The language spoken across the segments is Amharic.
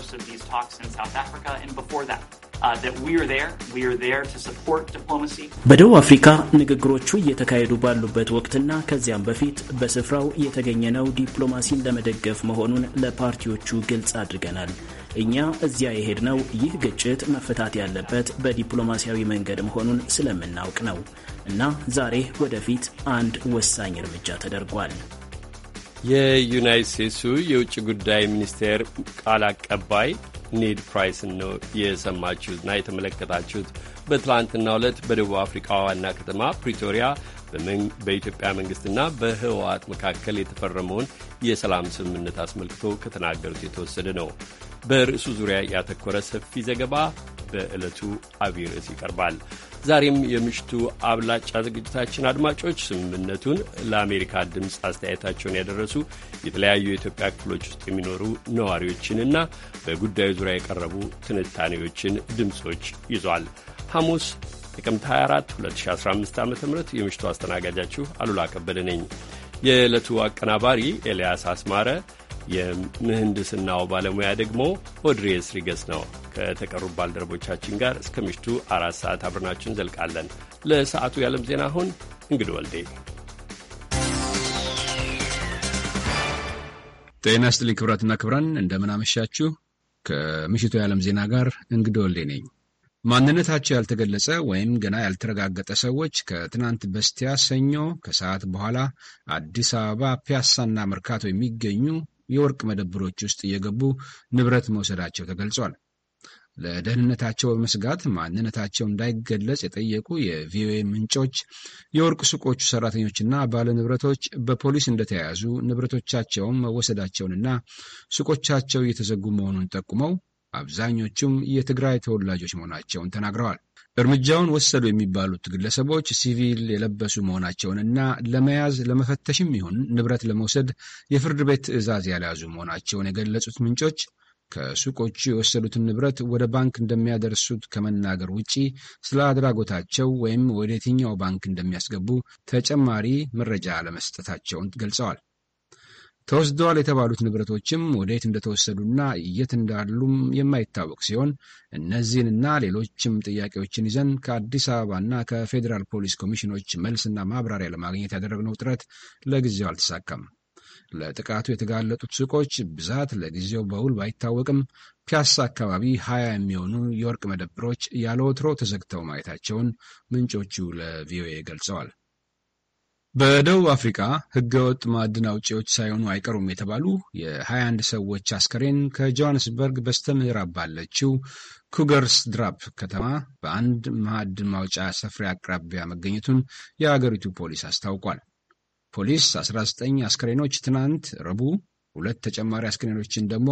course of these talks in South Africa and before that. Uh, በደቡብ አፍሪካ ንግግሮቹ እየተካሄዱ ባሉበት ወቅትና ከዚያም በፊት በስፍራው የተገኘነው ዲፕሎማሲን ለመደገፍ መሆኑን ለፓርቲዎቹ ግልጽ አድርገናል። እኛ እዚያ የሄድነው ይህ ግጭት መፈታት ያለበት በዲፕሎማሲያዊ መንገድ መሆኑን ስለምናውቅ ነው እና ዛሬ ወደፊት አንድ ወሳኝ እርምጃ ተደርጓል። የዩናይት ስቴትሱ የውጭ ጉዳይ ሚኒስቴር ቃል አቀባይ ኔድ ፕራይስን ነው የሰማችሁትና የተመለከታችሁት። በትላንትና ዕለት በደቡብ አፍሪካ ዋና ከተማ ፕሪቶሪያ በኢትዮጵያ መንግስትና በህወሓት መካከል የተፈረመውን የሰላም ስምምነት አስመልክቶ ከተናገሩት የተወሰደ ነው። በርዕሱ ዙሪያ ያተኮረ ሰፊ ዘገባ በዕለቱ አብይ ርዕስ ይቀርባል። ዛሬም የምሽቱ አብላጫ ዝግጅታችን አድማጮች ስምምነቱን ለአሜሪካ ድምፅ አስተያየታቸውን ያደረሱ የተለያዩ የኢትዮጵያ ክፍሎች ውስጥ የሚኖሩ ነዋሪዎችንና በጉዳዩ ዙሪያ የቀረቡ ትንታኔዎችን ድምፆች ይዟል። ሐሙስ ጥቅምት 24 2015 ዓ ም የምሽቱ አስተናጋጃችሁ አሉላ ከበደ ነኝ። የዕለቱ አቀናባሪ ኤልያስ አስማረ፣ የምህንድስናው ባለሙያ ደግሞ ኦድሬስ ሪገስ ነው። ከተቀሩ ባልደረቦቻችን ጋር እስከ ምሽቱ አራት ሰዓት አብረናችሁ እንዘልቃለን። ለሰዓቱ የዓለም ዜና አሁን እንግድ ወልዴ ጤና ስጥልኝ። ክብራትና ክብራን እንደምናመሻችሁ። ከምሽቱ የዓለም ዜና ጋር እንግድ ወልዴ ነኝ። ማንነታቸው ያልተገለጸ ወይም ገና ያልተረጋገጠ ሰዎች ከትናንት በስቲያ ሰኞ ከሰዓት በኋላ አዲስ አበባ ፒያሳና መርካቶ የሚገኙ የወርቅ መደብሮች ውስጥ እየገቡ ንብረት መውሰዳቸው ተገልጿል። ለደህንነታቸው በመስጋት ማንነታቸው እንዳይገለጽ የጠየቁ የቪኦኤ ምንጮች የወርቅ ሱቆቹ ሰራተኞችና ንብረቶች በፖሊስ እንደተያያዙ ንብረቶቻቸውም መወሰዳቸውንና ሱቆቻቸው እየተዘጉ መሆኑን ጠቁመው አብዛኞቹም የትግራይ ተወላጆች መሆናቸውን ተናግረዋል። እርምጃውን ወሰዱ የሚባሉት ግለሰቦች ሲቪል የለበሱ መሆናቸውንና ለመያዝ ለመፈተሽም ይሁን ንብረት ለመውሰድ የፍርድ ቤት ትዕዛዝ ያልያዙ መሆናቸውን የገለጹት ምንጮች ከሱቆቹ የወሰዱትን ንብረት ወደ ባንክ እንደሚያደርሱት ከመናገር ውጪ ስለ አድራጎታቸው ወይም ወደ የትኛው ባንክ እንደሚያስገቡ ተጨማሪ መረጃ ለመስጠታቸውን ገልጸዋል። ተወስደዋል የተባሉት ንብረቶችም ወዴት እንደተወሰዱና የት እንዳሉም የማይታወቅ ሲሆን እነዚህንና ሌሎችም ጥያቄዎችን ይዘን ከአዲስ አበባና ከፌዴራል ፖሊስ ኮሚሽኖች መልስና ማብራሪያ ለማግኘት ያደረግነው ጥረት ለጊዜው አልተሳካም። ለጥቃቱ የተጋለጡት ሱቆች ብዛት ለጊዜው በውል ባይታወቅም ፒያሳ አካባቢ ሀያ የሚሆኑ የወርቅ መደብሮች ያለ ወትሮ ተዘግተው ማየታቸውን ምንጮቹ ለቪኦኤ ገልጸዋል። በደቡብ አፍሪካ ህገወጥ ማዕድን አውጪዎች ሳይሆኑ አይቀሩም የተባሉ የ21 ሰዎች አስከሬን ከጆሃንስበርግ በስተምዕራብ ባለችው ኩገርስ ድራፕ ከተማ በአንድ ማዕድን ማውጫ ሰፍሬ አቅራቢያ መገኘቱን የአገሪቱ ፖሊስ አስታውቋል። ፖሊስ 19 አስክሬኖች ትናንት ረቡዕ፣ ሁለት ተጨማሪ አስክሬኖችን ደግሞ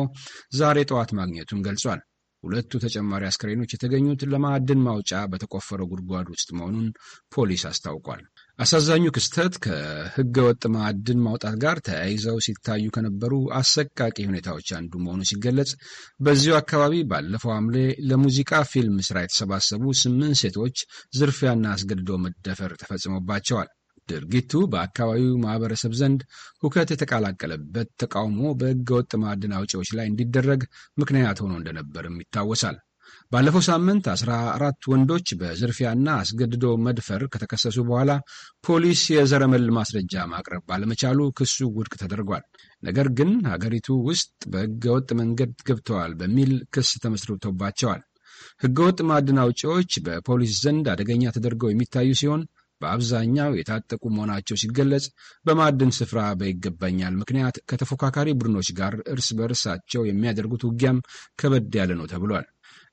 ዛሬ ጠዋት ማግኘቱን ገልጿል። ሁለቱ ተጨማሪ አስክሬኖች የተገኙት ለማዕድን ማውጫ በተቆፈረው ጉድጓድ ውስጥ መሆኑን ፖሊስ አስታውቋል። አሳዛኙ ክስተት ከሕገ ወጥ ማዕድን ማውጣት ጋር ተያይዘው ሲታዩ ከነበሩ አሰቃቂ ሁኔታዎች አንዱ መሆኑ ሲገለጽ፣ በዚሁ አካባቢ ባለፈው ሐምሌ ለሙዚቃ ፊልም ስራ የተሰባሰቡ ስምንት ሴቶች ዝርፊያና አስገድዶ መደፈር ተፈጽሞባቸዋል። ድርጊቱ በአካባቢው ማህበረሰብ ዘንድ ሁከት የተቀላቀለበት ተቃውሞ በሕገ ወጥ ማዕድን አውጪዎች ላይ እንዲደረግ ምክንያት ሆኖ እንደነበርም ይታወሳል። ባለፈው ሳምንት አስራ አራት ወንዶች በዝርፊያና አስገድዶ መድፈር ከተከሰሱ በኋላ ፖሊስ የዘረመል ማስረጃ ማቅረብ ባለመቻሉ ክሱ ውድቅ ተደርጓል። ነገር ግን ሀገሪቱ ውስጥ በሕገወጥ መንገድ ገብተዋል በሚል ክስ ተመስርቶባቸዋል። ሕገወጥ ማዕድን አውጪዎች በፖሊስ ዘንድ አደገኛ ተደርገው የሚታዩ ሲሆን በአብዛኛው የታጠቁ መሆናቸው ሲገለጽ፣ በማዕድን ስፍራ በይገባኛል ምክንያት ከተፎካካሪ ቡድኖች ጋር እርስ በርሳቸው የሚያደርጉት ውጊያም ከበድ ያለ ነው ተብሏል።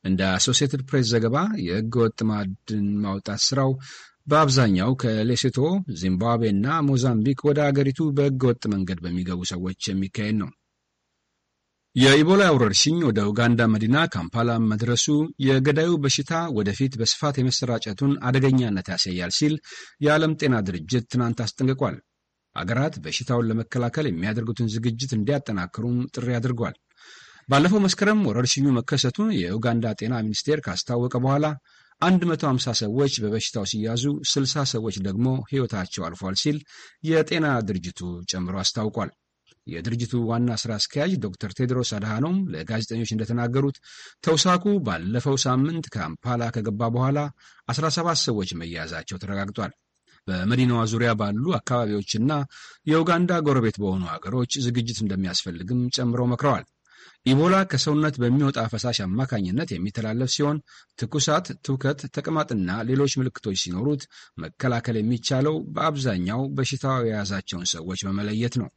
እንደ አሶሲየትድ ፕሬስ ዘገባ የህገወጥ ወጥ ማዕድን ማውጣት ስራው በአብዛኛው ከሌሴቶ፣ ዚምባብዌ እና ሞዛምቢክ ወደ አገሪቱ በህገወጥ ወጥ መንገድ በሚገቡ ሰዎች የሚካሄድ ነው። የኢቦላ ወረርሽኝ ወደ ኡጋንዳ መዲና ካምፓላ መድረሱ የገዳዩ በሽታ ወደፊት በስፋት የመሰራጨቱን አደገኛነት ያሳያል ሲል የዓለም ጤና ድርጅት ትናንት አስጠንቅቋል። አገራት በሽታውን ለመከላከል የሚያደርጉትን ዝግጅት እንዲያጠናክሩም ጥሪ አድርጓል። ባለፈው መስከረም ወረርሽኙ መከሰቱን የኡጋንዳ ጤና ሚኒስቴር ካስታወቀ በኋላ 150 ሰዎች በበሽታው ሲያዙ፣ 60 ሰዎች ደግሞ ሕይወታቸው አልፏል ሲል የጤና ድርጅቱ ጨምሮ አስታውቋል። የድርጅቱ ዋና ስራ አስኪያጅ ዶክተር ቴድሮስ አድሃኖም ለጋዜጠኞች እንደተናገሩት ተውሳኩ ባለፈው ሳምንት ካምፓላ ከገባ በኋላ 17 ሰዎች መያዛቸው ተረጋግጧል። በመዲናዋ ዙሪያ ባሉ አካባቢዎችና የኡጋንዳ ጎረቤት በሆኑ ሀገሮች ዝግጅት እንደሚያስፈልግም ጨምረው መክረዋል። ኢቦላ ከሰውነት በሚወጣ ፈሳሽ አማካኝነት የሚተላለፍ ሲሆን ትኩሳት፣ ትውከት፣ ተቅማጥና ሌሎች ምልክቶች ሲኖሩት መከላከል የሚቻለው በአብዛኛው በሽታው የያዛቸውን ሰዎች በመለየት ነው።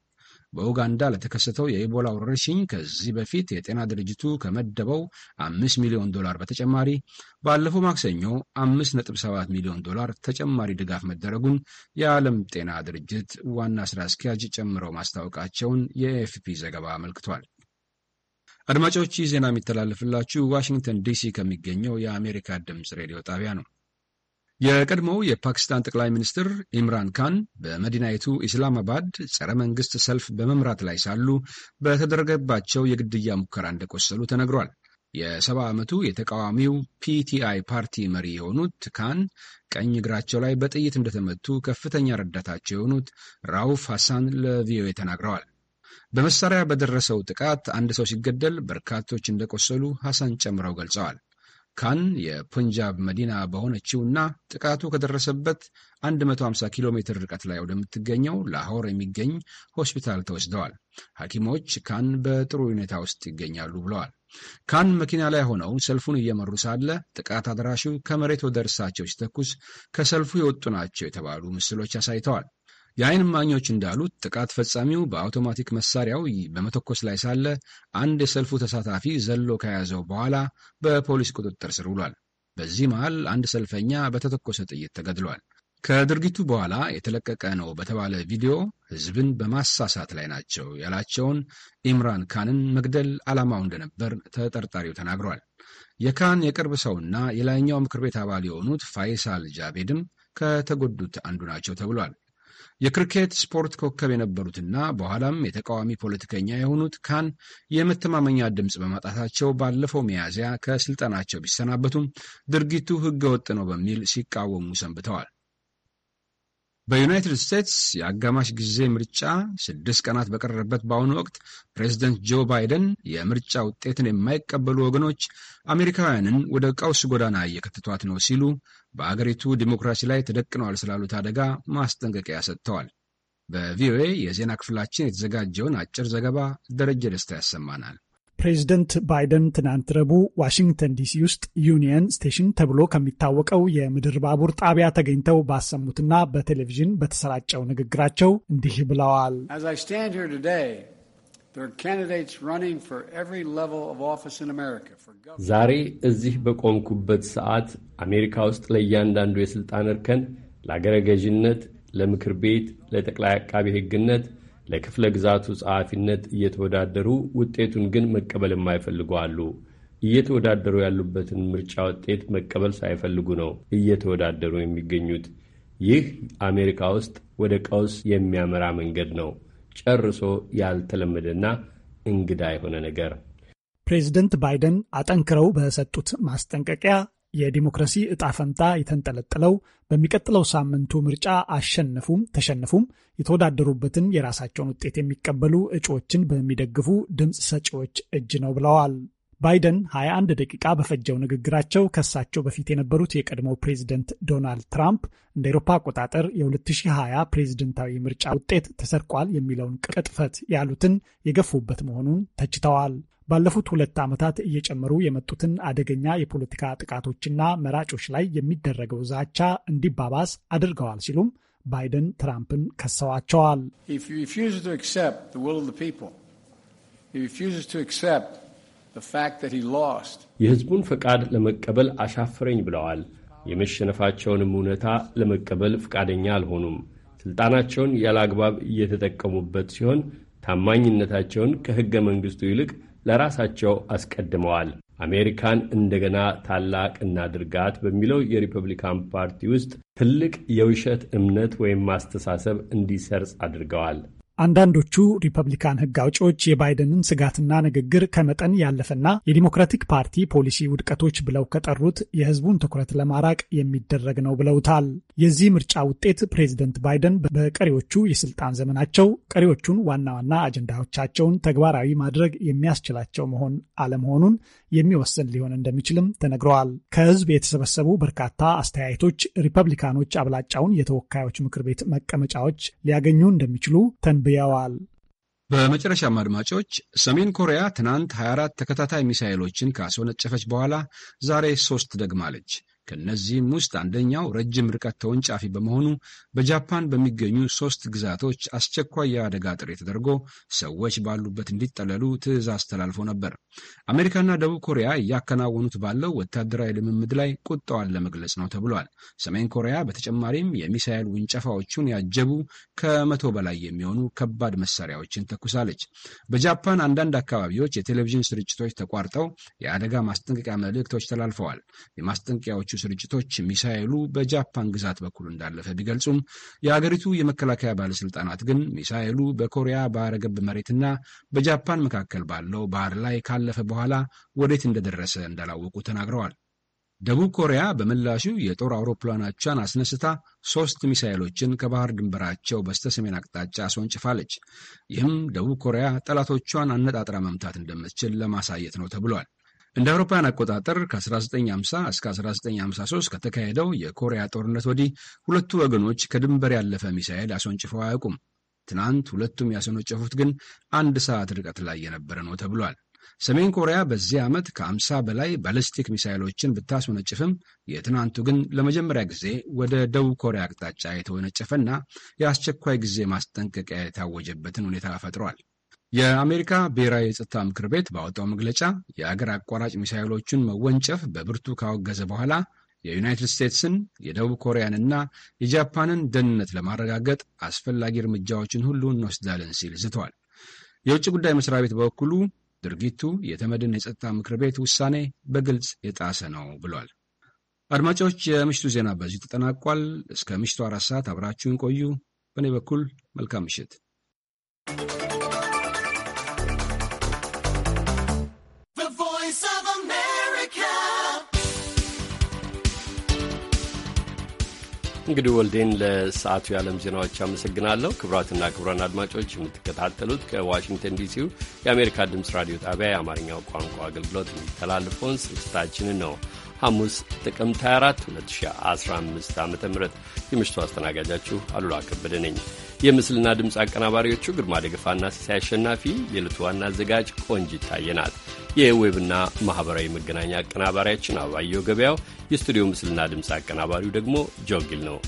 በኡጋንዳ ለተከሰተው የኢቦላ ወረርሽኝ ከዚህ በፊት የጤና ድርጅቱ ከመደበው አምስት ሚሊዮን ዶላር በተጨማሪ ባለፈው ማክሰኞ አምስት ነጥብ ሰባት ሚሊዮን ዶላር ተጨማሪ ድጋፍ መደረጉን የዓለም ጤና ድርጅት ዋና ስራ አስኪያጅ ጨምረው ማስታወቃቸውን የኤፍፒ ዘገባ አመልክቷል። አድማጮች ዜና የሚተላለፍላችሁ ዋሽንግተን ዲሲ ከሚገኘው የአሜሪካ ድምፅ ሬዲዮ ጣቢያ ነው። የቀድሞው የፓኪስታን ጠቅላይ ሚኒስትር ኢምራን ካን በመዲናይቱ ኢስላማባድ ጸረ መንግስት ሰልፍ በመምራት ላይ ሳሉ በተደረገባቸው የግድያ ሙከራ እንደቆሰሉ ተነግሯል። የሰባ ዓመቱ የተቃዋሚው ፒቲአይ ፓርቲ መሪ የሆኑት ካን ቀኝ እግራቸው ላይ በጥይት እንደተመቱ ከፍተኛ ረዳታቸው የሆኑት ራውፍ ሐሳን ለቪኦኤ ተናግረዋል። በመሳሪያ በደረሰው ጥቃት አንድ ሰው ሲገደል በርካቶች እንደቆሰሉ ሐሳን ጨምረው ገልጸዋል። ካን የፑንጃብ መዲና በሆነችውና ጥቃቱ ከደረሰበት 150 ኪሎ ሜትር ርቀት ላይ ወደምትገኘው ላሆር የሚገኝ ሆስፒታል ተወስደዋል። ሐኪሞች ካን በጥሩ ሁኔታ ውስጥ ይገኛሉ ብለዋል። ካን መኪና ላይ ሆነው ሰልፉን እየመሩ ሳለ ጥቃት አድራሹ ከመሬት ወደ እርሳቸው ሲተኩስ ከሰልፉ የወጡ ናቸው የተባሉ ምስሎች አሳይተዋል። የአይን ማኞች እንዳሉት ጥቃት ፈጻሚው በአውቶማቲክ መሳሪያው በመተኮስ ላይ ሳለ አንድ የሰልፉ ተሳታፊ ዘሎ ከያዘው በኋላ በፖሊስ ቁጥጥር ስር ውሏል። በዚህ መሃል አንድ ሰልፈኛ በተተኮሰ ጥይት ተገድሏል። ከድርጊቱ በኋላ የተለቀቀ ነው በተባለ ቪዲዮ ሕዝብን በማሳሳት ላይ ናቸው ያላቸውን ኢምራን ካንን መግደል ዓላማው እንደነበር ተጠርጣሪው ተናግሯል። የካን የቅርብ ሰውና የላይኛው ምክር ቤት አባል የሆኑት ፋይሳል ጃቤድም ከተጎዱት አንዱ ናቸው ተብሏል። የክሪኬት ስፖርት ኮከብ የነበሩትና በኋላም የተቃዋሚ ፖለቲከኛ የሆኑት ካን የመተማመኛ ድምፅ በማጣታቸው ባለፈው ሚያዝያ ከስልጠናቸው ቢሰናበቱም ድርጊቱ ሕገ ወጥ ነው በሚል ሲቃወሙ ሰንብተዋል። በዩናይትድ ስቴትስ የአጋማሽ ጊዜ ምርጫ ስድስት ቀናት በቀረበት በአሁኑ ወቅት ፕሬዚደንት ጆ ባይደን የምርጫ ውጤትን የማይቀበሉ ወገኖች አሜሪካውያንን ወደ ቀውስ ጎዳና እየከተቷት ነው ሲሉ በአገሪቱ ዲሞክራሲ ላይ ተደቅነዋል ስላሉት አደጋ ማስጠንቀቂያ ሰጥተዋል። በቪኦኤ የዜና ክፍላችን የተዘጋጀውን አጭር ዘገባ ደረጀ ደስታ ያሰማናል። ፕሬዚደንት ባይደን ትናንት ረቡዕ ዋሽንግተን ዲሲ ውስጥ ዩኒየን ስቴሽን ተብሎ ከሚታወቀው የምድር ባቡር ጣቢያ ተገኝተው ባሰሙትና በቴሌቪዥን በተሰራጨው ንግግራቸው እንዲህ ብለዋል። ዛሬ እዚህ በቆምኩበት ሰዓት አሜሪካ ውስጥ ለእያንዳንዱ የሥልጣን እርከን ለአገረ ገዥነት፣ ለምክር ቤት፣ ለጠቅላይ አቃቤ ሕግነት ለክፍለ ግዛቱ ጸሐፊነት እየተወዳደሩ ውጤቱን ግን መቀበል የማይፈልጉ አሉ። እየተወዳደሩ ያሉበትን ምርጫ ውጤት መቀበል ሳይፈልጉ ነው እየተወዳደሩ የሚገኙት። ይህ አሜሪካ ውስጥ ወደ ቀውስ የሚያመራ መንገድ ነው። ጨርሶ ያልተለመደና እንግዳ የሆነ ነገር። ፕሬዚደንት ባይደን አጠንክረው በሰጡት ማስጠንቀቂያ የዲሞክራሲ እጣ ፈንታ የተንጠለጠለው በሚቀጥለው ሳምንቱ ምርጫ አሸንፉም ተሸንፉም የተወዳደሩበትን የራሳቸውን ውጤት የሚቀበሉ እጩዎችን በሚደግፉ ድምፅ ሰጪዎች እጅ ነው ብለዋል። ባይደን 21 ደቂቃ በፈጀው ንግግራቸው ከሳቸው በፊት የነበሩት የቀድሞው ፕሬዚደንት ዶናልድ ትራምፕ እንደ ኤሮፓ አቆጣጠር የ2020 ፕሬዝደንታዊ ምርጫ ውጤት ተሰርቋል የሚለውን ቅጥፈት ያሉትን የገፉበት መሆኑን ተችተዋል። ባለፉት ሁለት ዓመታት እየጨመሩ የመጡትን አደገኛ የፖለቲካ ጥቃቶችና መራጮች ላይ የሚደረገው ዛቻ እንዲባባስ አድርገዋል ሲሉም ባይደን ትራምፕን ከሰዋቸዋል። የሕዝቡን ፈቃድ ለመቀበል አሻፈረኝ ብለዋል። የመሸነፋቸውንም እውነታ ለመቀበል ፈቃደኛ አልሆኑም። ሥልጣናቸውን ያለ አግባብ እየተጠቀሙበት ሲሆን ታማኝነታቸውን ከሕገ መንግሥቱ ይልቅ ለራሳቸው አስቀድመዋል። አሜሪካን እንደገና ታላቅ እናድርጋት በሚለው የሪፐብሊካን ፓርቲ ውስጥ ትልቅ የውሸት እምነት ወይም ማስተሳሰብ እንዲሰርጽ አድርገዋል። አንዳንዶቹ ሪፐብሊካን ሕግ አውጪዎች የባይደንን ስጋትና ንግግር ከመጠን ያለፈና የዲሞክራቲክ ፓርቲ ፖሊሲ ውድቀቶች ብለው ከጠሩት የሕዝቡን ትኩረት ለማራቅ የሚደረግ ነው ብለውታል። የዚህ ምርጫ ውጤት ፕሬዚደንት ባይደን በቀሪዎቹ የስልጣን ዘመናቸው ቀሪዎቹን ዋና ዋና አጀንዳዎቻቸውን ተግባራዊ ማድረግ የሚያስችላቸው መሆን አለመሆኑን የሚወስን ሊሆን እንደሚችልም ተነግረዋል። ከህዝብ የተሰበሰቡ በርካታ አስተያየቶች ሪፐብሊካኖች አብላጫውን የተወካዮች ምክር ቤት መቀመጫዎች ሊያገኙ እንደሚችሉ ተንብየዋል። በመጨረሻም አድማጮች ሰሜን ኮሪያ ትናንት 24 ተከታታይ ሚሳይሎችን ካስወነጨፈች በኋላ ዛሬ ሶስት ደግማለች። ከእነዚህም ውስጥ አንደኛው ረጅም ርቀት ተወንጫፊ በመሆኑ በጃፓን በሚገኙ ሶስት ግዛቶች አስቸኳይ የአደጋ ጥሪ ተደርጎ ሰዎች ባሉበት እንዲጠለሉ ትዕዛዝ ተላልፎ ነበር። አሜሪካና ደቡብ ኮሪያ እያከናወኑት ባለው ወታደራዊ ልምምድ ላይ ቁጣዋን ለመግለጽ ነው ተብሏል። ሰሜን ኮሪያ በተጨማሪም የሚሳኤል ውንጨፋዎቹን ያጀቡ ከመቶ በላይ የሚሆኑ ከባድ መሳሪያዎችን ተኩሳለች። በጃፓን አንዳንድ አካባቢዎች የቴሌቪዥን ስርጭቶች ተቋርጠው የአደጋ ማስጠንቀቂያ መልእክቶች ተላልፈዋል። የማስጠንቀቂያዎቹ ስርጭቶች ሚሳኤሉ በጃፓን ግዛት በኩል እንዳለፈ ቢገልጹም የአገሪቱ የመከላከያ ባለስልጣናት ግን ሚሳኤሉ በኮሪያ ባህረ ገብ መሬትና በጃፓን መካከል ባለው ባህር ላይ ካለፈ በኋላ ወዴት እንደደረሰ እንዳላወቁ ተናግረዋል። ደቡብ ኮሪያ በምላሹ የጦር አውሮፕላኖቿን አስነስታ ሶስት ሚሳይሎችን ከባህር ድንበራቸው በስተ ሰሜን አቅጣጫ አስወንጭፋለች። ይህም ደቡብ ኮሪያ ጠላቶቿን አነጣጥራ መምታት እንደምትችል ለማሳየት ነው ተብሏል። እንደ አውሮፓውያን አቆጣጠር ከ1950 እስከ 1953 ከተካሄደው የኮሪያ ጦርነት ወዲህ ሁለቱ ወገኖች ከድንበር ያለፈ ሚሳኤል አስወንጭፈው አያውቁም። ትናንት ሁለቱም ያስወነጨፉት ግን አንድ ሰዓት ርቀት ላይ የነበረ ነው ተብሏል። ሰሜን ኮሪያ በዚህ ዓመት ከ50 በላይ ባለስቲክ ሚሳይሎችን ብታስወነጭፍም የትናንቱ ግን ለመጀመሪያ ጊዜ ወደ ደቡብ ኮሪያ አቅጣጫ የተወነጨፈና የአስቸኳይ ጊዜ ማስጠንቀቂያ የታወጀበትን ሁኔታ ፈጥሯል። የአሜሪካ ብሔራዊ የጸጥታ ምክር ቤት ባወጣው መግለጫ የአገር አቋራጭ ሚሳይሎቹን መወንጨፍ በብርቱ ካወገዘ በኋላ የዩናይትድ ስቴትስን የደቡብ ኮሪያንና የጃፓንን ደህንነት ለማረጋገጥ አስፈላጊ እርምጃዎችን ሁሉ እንወስዳለን ሲል ዝተዋል። የውጭ ጉዳይ መስሪያ ቤት በበኩሉ ድርጊቱ የተመድን የጸጥታ ምክር ቤት ውሳኔ በግልጽ የጣሰ ነው ብሏል። አድማጮች፣ የምሽቱ ዜና በዚሁ ተጠናቋል። እስከ ምሽቱ አራት ሰዓት አብራችሁን ቆዩ። በእኔ በኩል መልካም ምሽት። እንግዲህ ወልዴን ለሰዓቱ የዓለም ዜናዎች አመሰግናለሁ። ክቡራትና ክቡራን አድማጮች የምትከታተሉት ከዋሽንግተን ዲሲው የአሜሪካ ድምፅ ራዲዮ ጣቢያ የአማርኛው ቋንቋ አገልግሎት የሚተላልፈውን ስርጭታችንን ነው። ሐሙስ ጥቅምት 24 2015 ዓ ም የምሽቱ አስተናጋጃችሁ አሉላ ከበደ ነኝ። የምስልና ድምፅ አቀናባሪዎቹ ግርማ ደገፋና ሲሳይ አሸናፊ፣ የዕለቱ ዋና አዘጋጅ ቆንጅ ይታየናል። የዌብና ማኅበራዊ መገናኛ አቀናባሪያችን አባየው ገበያው፣ የስቱዲዮ ምስልና ድምፅ አቀናባሪው ደግሞ ጆጊል ነው።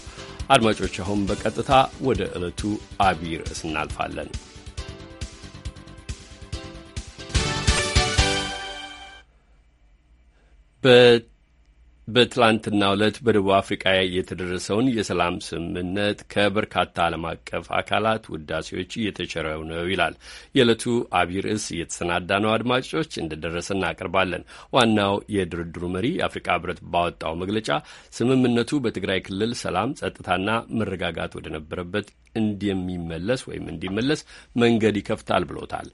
አድማጮች አሁን በቀጥታ ወደ ዕለቱ አብይ ርዕስ እናልፋለን። በ በትላንትና ዕለት በደቡብ አፍሪቃ የተደረሰውን የሰላም ስምምነት ከበርካታ ዓለም አቀፍ አካላት ውዳሴዎች እየተቸረው ነው ይላል የዕለቱ አብይ ርዕስ። እየተሰናዳ ነው አድማጮች፣ እንደደረሰ እናቀርባለን። ዋናው የድርድሩ መሪ የአፍሪቃ ህብረት ባወጣው መግለጫ ስምምነቱ በትግራይ ክልል ሰላም፣ ጸጥታና መረጋጋት ወደነበረበት እንደሚመለስ ወይም እንዲመለስ መንገድ ይከፍታል ብሎታል።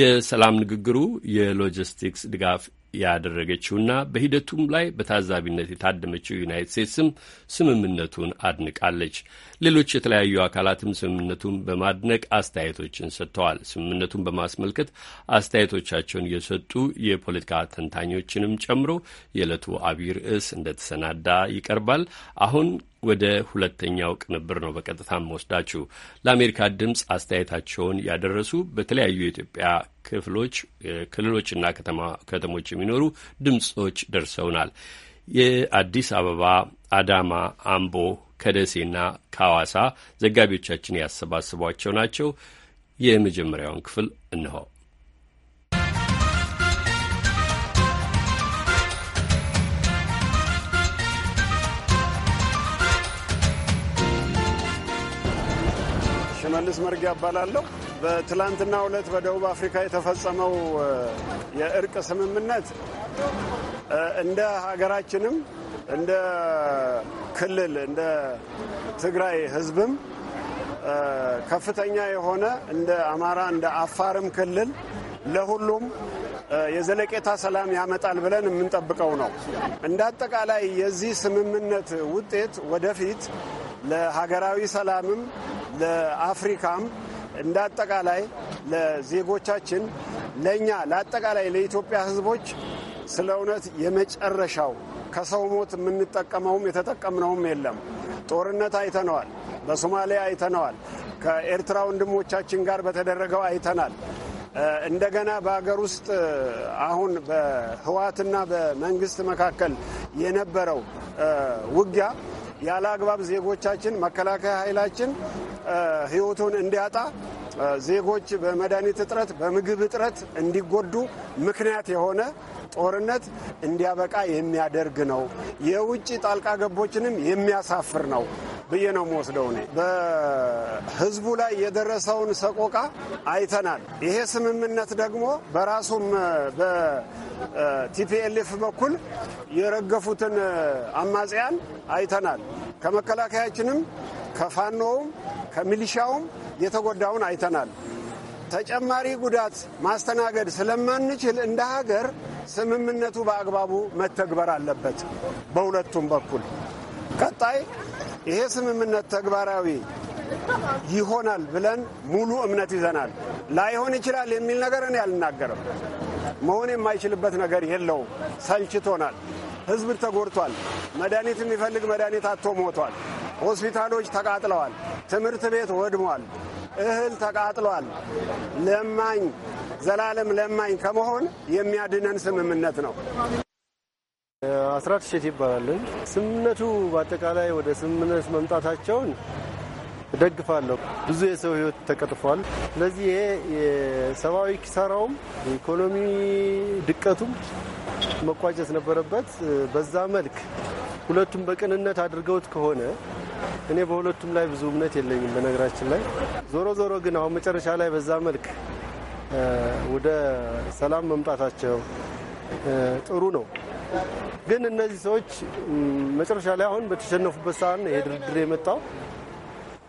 የሰላም ንግግሩ የሎጂስቲክስ ድጋፍ ያደረገችውና በሂደቱም ላይ በታዛቢነት የታደመችው ዩናይት ስቴትስም ስምምነቱን አድንቃለች። ሌሎች የተለያዩ አካላትም ስምምነቱን በማድነቅ አስተያየቶችን ሰጥተዋል። ስምምነቱን በማስመልከት አስተያየቶቻቸውን የሰጡ የፖለቲካ ተንታኞችንም ጨምሮ የዕለቱ አብይ ርዕስ እንደተሰናዳ ይቀርባል። አሁን ወደ ሁለተኛው ቅንብር ነው በቀጥታም ወስዳችሁ ለአሜሪካ ድምፅ አስተያየታቸውን ያደረሱ በተለያዩ የኢትዮጵያ ክፍሎች ክልሎችና ከተሞች የሚኖሩ ድምፆች ደርሰውናል። የአዲስ አበባ፣ አዳማ፣ አምቦ ከደሴና ከሐዋሳ ዘጋቢዎቻችን ያሰባስቧቸው ናቸው። የመጀመሪያውን ክፍል እንሆ። ሽመልስ መርጊያ እባላለሁ። በትላንትና ዕለት በደቡብ አፍሪካ የተፈጸመው የእርቅ ስምምነት እንደ ሀገራችንም እንደ ክልል እንደ ትግራይ ህዝብም ከፍተኛ የሆነ እንደ አማራ እንደ አፋርም ክልል ለሁሉም የዘለቄታ ሰላም ያመጣል ብለን የምንጠብቀው ነው። እንደ አጠቃላይ የዚህ ስምምነት ውጤት ወደፊት ለሀገራዊ ሰላምም ለአፍሪካም እንደ አጠቃላይ ለዜጎቻችን፣ ለእኛ፣ ለአጠቃላይ ለኢትዮጵያ ህዝቦች ስለ እውነት የመጨረሻው ከሰው ሞት የምንጠቀመውም የተጠቀምነውም የለም። ጦርነት አይተነዋል። በሶማሊያ አይተነዋል። ከኤርትራ ወንድሞቻችን ጋር በተደረገው አይተናል። እንደገና በሀገር ውስጥ አሁን በህወሓትና በመንግስት መካከል የነበረው ውጊያ ያለ አግባብ ዜጎቻችን መከላከያ ኃይላችን ህይወቱን እንዲያጣ ዜጎች በመድኃኒት እጥረት፣ በምግብ እጥረት እንዲጎዱ ምክንያት የሆነ ጦርነት እንዲያበቃ የሚያደርግ ነው። የውጭ ጣልቃ ገቦችንም የሚያሳፍር ነው ብዬ ነው የምወስደው። እኔ በህዝቡ ላይ የደረሰውን ሰቆቃ አይተናል። ይሄ ስምምነት ደግሞ በራሱም በቲፒኤልኤፍ በኩል የረገፉትን አማጽያን አይተናል። ከመከላከያችንም ከፋኖውም ከሚሊሻውም የተጎዳውን አይተናል። ተጨማሪ ጉዳት ማስተናገድ ስለማንችል እንደ ሀገር ስምምነቱ በአግባቡ መተግበር አለበት በሁለቱም በኩል። ቀጣይ ይሄ ስምምነት ተግባራዊ ይሆናል ብለን ሙሉ እምነት ይዘናል። ላይሆን ይችላል የሚል ነገር እኔ አልናገርም። መሆን የማይችልበት ነገር የለው ሰልችቶናል። ህዝብ ተጎድቷል። መድኃኒት የሚፈልግ መድኃኒት አጥቶ ሞቷል። ሆስፒታሎች ተቃጥለዋል። ትምህርት ቤት ወድሟል፣ እህል ተቃጥሏል። ለማኝ ዘላለም ለማኝ ከመሆን የሚያድነን ስምምነት ነው። አስራት ሼት ይባላለን። ስምምነቱ በአጠቃላይ ወደ ስምምነት መምጣታቸውን እደግፋለሁ። ብዙ የሰው ህይወት ተቀጥፏል። ስለዚህ ይሄ የሰብአዊ ኪሳራውም የኢኮኖሚ ድቀቱም መቋጨት ነበረበት። በዛ መልክ ሁለቱም በቅንነት አድርገውት ከሆነ እኔ በሁለቱም ላይ ብዙ እምነት የለኝም በነገራችን ላይ። ዞሮ ዞሮ ግን አሁን መጨረሻ ላይ በዛ መልክ ወደ ሰላም መምጣታቸው ጥሩ ነው። ግን እነዚህ ሰዎች መጨረሻ ላይ አሁን በተሸነፉበት ሰዓት ይሄ ድርድር የመጣው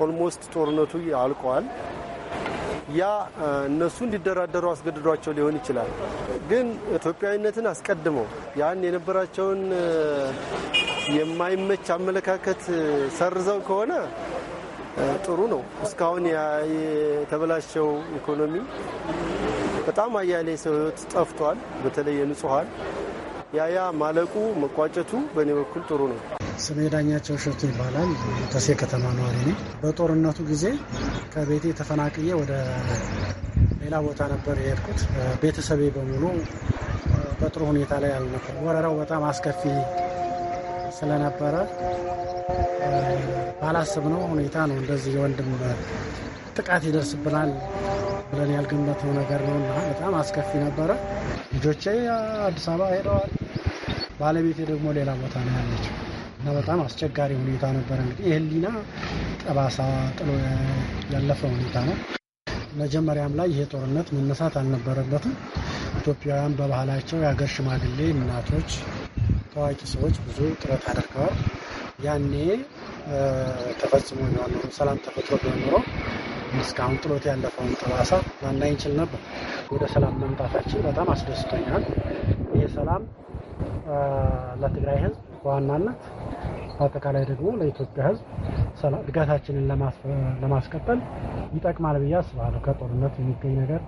ኦልሞስት ጦርነቱ አልቀዋል። ያ እነሱ እንዲደራደሩ አስገድዷቸው ሊሆን ይችላል። ግን ኢትዮጵያዊነትን አስቀድመው ያን የነበራቸውን የማይመች አመለካከት ሰርዘው ከሆነ ጥሩ ነው። እስካሁን የተበላሸው ኢኮኖሚ በጣም አያሌ ሰው ህይወት ጠፍቷል። በተለይ የንጹሀን ያያ ማለቁ መቋጨቱ በእኔ በኩል ጥሩ ነው። ስሜ ዳኛቸው እሸቱ ይባላል። ተሴ ከተማ ነዋሪ ነኝ። በጦርነቱ ጊዜ ከቤቴ ተፈናቅዬ ወደ ሌላ ቦታ ነበር የሄድኩት። ቤተሰቤ በሙሉ በጥሩ ሁኔታ ላይ አልነበር። ወረራው በጣም አስከፊ ስለነበረ ባላስብነው ሁኔታ ነው እንደዚህ የወንድም ጥቃት ይደርስብናል ብለን ያልገመተው ነገር ነው እና በጣም አስከፊ ነበረ። ልጆቼ አዲስ አበባ ሄደዋል። ባለቤቴ ደግሞ ሌላ ቦታ ነው ያለችው እና በጣም አስቸጋሪ ሁኔታ ነበረ። እንግዲህ የህሊና ጠባሳ ጥሎ ያለፈ ሁኔታ ነው። መጀመሪያም ላይ ይሄ ጦርነት መነሳት አልነበረበትም። ኢትዮጵያውያን በባህላቸው የሀገር ሽማግሌ፣ እናቶች፣ ታዋቂ ሰዎች ብዙ ጥረት አድርገዋል። ያኔ ተፈጽሞ ቢሆን ኖሮ ሰላም ተፈጥሮ ቢሆን ኖሮ እስካሁን ጥሎት ያለፈውን ጠባሳ ማናይ ነበር። ወደ ሰላም መምጣታችን በጣም አስደስቶኛል። ይህ ሰላም ለትግራይ ህዝብ በዋናነት በአጠቃላይ ደግሞ ለኢትዮጵያ ህዝብ እድገታችንን ለማስቀጠል ይጠቅማል ብዬ አስባለሁ። ከጦርነት የሚገኝ ነገር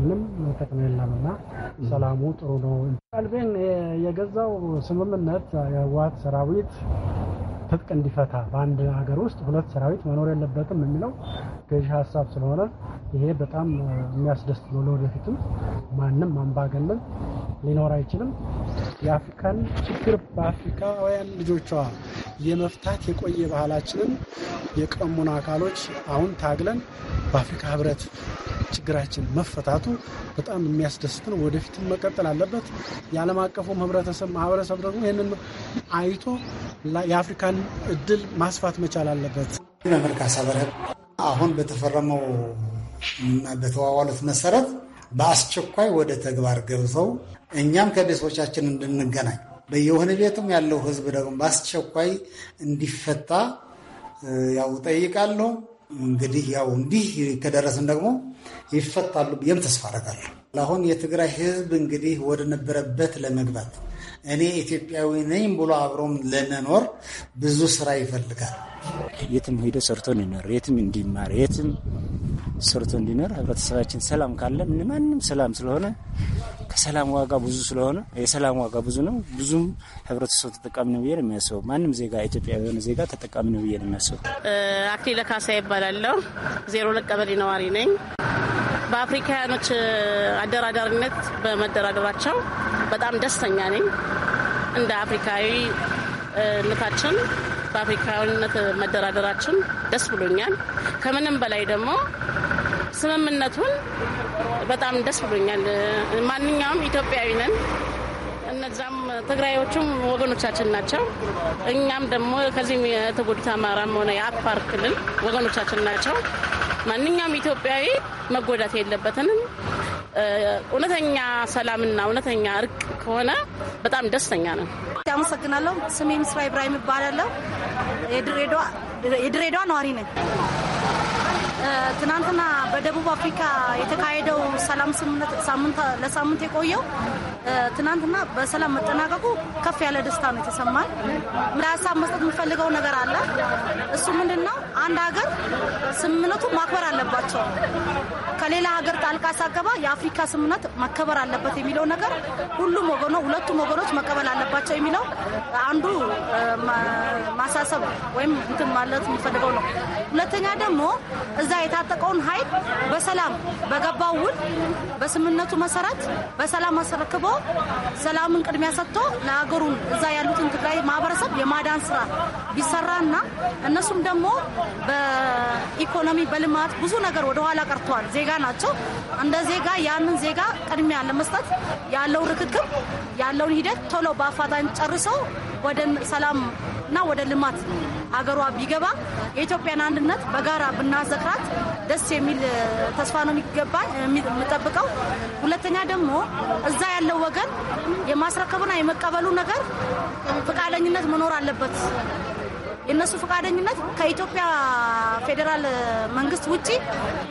ምንም ጥቅም የለም እና ሰላሙ ጥሩ ነው። አልቤን የገዛው ስምምነት የህወሓት ሰራዊት ትጥቅ እንዲፈታ በአንድ ሀገር ውስጥ ሁለት ሰራዊት መኖር የለበትም የሚለው ገዢ ሀሳብ ስለሆነ ይሄ በጣም የሚያስደስት ነው። ለወደፊትም ማንም አምባገነን ሊኖር አይችልም። የአፍሪካን ችግር በአፍሪካውያን ልጆቿ የመፍታት የቆየ ባህላችንን የቀሙን አካሎች አሁን ታግለን በአፍሪካ ህብረት ችግራችን መፈታቱ በጣም የሚያስደስት ነው። ወደፊትም መቀጠል አለበት። የዓለም አቀፉም ህብረተሰብ ማህበረሰብ ደግሞ ይህንን አይቶ የአፍሪካን እድል ማስፋት መቻል አለበት። አሁን በተፈረመው እና በተዋዋሉት መሰረት በአስቸኳይ ወደ ተግባር ገብተው እኛም ከቤተሰቦቻችን እንድንገናኝ በየሆነ ቤትም ያለው ህዝብ ደግሞ በአስቸኳይ እንዲፈታ ያው ጠይቃለሁ። እንግዲህ ያው እንዲህ ከደረስን ደግሞ ይፈታሉ ብዬም ተስፋ አደርጋለሁ። አሁን የትግራይ ህዝብ እንግዲህ ወደ ነበረበት ለመግባት እኔ ኢትዮጵያዊ ነኝ ብሎ አብሮም ለመኖር ብዙ ስራ ይፈልጋል። የትም ሄዶ ሰርቶ እንዲኖር፣ የትም እንዲማር፣ የትም ሰርቶ እንዲኖር ህብረተሰባችን ሰላም ካለ ማንም ሰላም ስለሆነ ከሰላም ዋጋ ብዙ ስለሆነ የሰላም ዋጋ ብዙ ነው። ብዙም ህብረተሰቡ ተጠቃሚ ነው ብዬ ነው የሚያስበው። ማንም ዜጋ ኢትዮጵያ የሆነ ዜጋ ተጠቃሚ ነው ብዬ ነው የሚያስበው። አክሊለ ካሳ ይባላለሁ። ዜሮ ለቀበሌ ቀበሌ ነዋሪ ነኝ። በአፍሪካውያኖች አደራዳሪነት በመደራደራቸው በጣም ደስተኛ ነኝ። እንደ አፍሪካዊነታችን በአፍሪካዊነት መደራደራችን ደስ ብሎኛል። ከምንም በላይ ደግሞ ስምምነቱን በጣም ደስ ብሎኛል። ማንኛውም ኢትዮጵያዊ ነን። እነዛም ትግራዮቹም ወገኖቻችን ናቸው። እኛም ደግሞ ከዚህም የተጎዱት አማራም ሆነ የአፋር ክልል ወገኖቻችን ናቸው። ማንኛውም ኢትዮጵያዊ መጎዳት የለበትንም። እውነተኛ ሰላምና እውነተኛ እርቅ ከሆነ በጣም ደስተኛ ነው። አመሰግናለሁ። ስሜ ምስራ ኢብራሂም ይባላለሁ። የድሬዳዋ ነዋሪ ነኝ። ትናንትና በደቡብ አፍሪካ የተካሄደው ሰላም ስምምነት ለሳምንት የቆየው ትናንትና በሰላም መጠናቀቁ ከፍ ያለ ደስታ ነው የተሰማል። ሀሳብ መስጠት የምፈልገው ነገር አለ። እሱ ምንድን ነው? አንድ ሀገር ስምምነቱ ማክበር አለባቸው። ከሌላ ሀገር ጣልቃ ሳገባ የአፍሪካ ስምምነት መከበር አለበት የሚለው ነገር ሁሉም ወገኖ ሁለቱም ወገኖች መቀበል አለባቸው የሚለው አንዱ ማሳሰብ ወይም እንትን ማለት የሚፈልገው ነው። ሁለተኛ ደግሞ እዛ የታጠቀውን ኃይል በሰላም በገባው ውል በስምምነቱ መሰረት በሰላም አስረክቦ ሰላምን ቅድሚያ ሰጥቶ ለሀገሩን እዛ ያሉትን ትግራይ ማህበረሰብ የማዳን ስራ ቢሰራና እነሱም ደግሞ በኢኮኖሚ በልማት ብዙ ነገር ወደኋላ ቀርተዋል ዜጋ ናቸው። እንደ ዜጋ ያንን ዜጋ ቅድሚያ ለመስጠት ያለው ርክክብ ያለውን ሂደት ቶሎ በአፋጣኝ ጨርሰው ወደ ሰላም እና ወደ ልማት ሀገሯ ቢገባ የኢትዮጵያን አንድነት በጋራ ብናዘክራት ደስ የሚል ተስፋ ነው የሚገባ የምጠብቀው። ሁለተኛ ደግሞ እዛ ያለው ወገን የማስረከብና የመቀበሉ ነገር ፈቃደኝነት መኖር አለበት። የእነሱ ፈቃደኝነት ከኢትዮጵያ ፌዴራል መንግስት ውጭ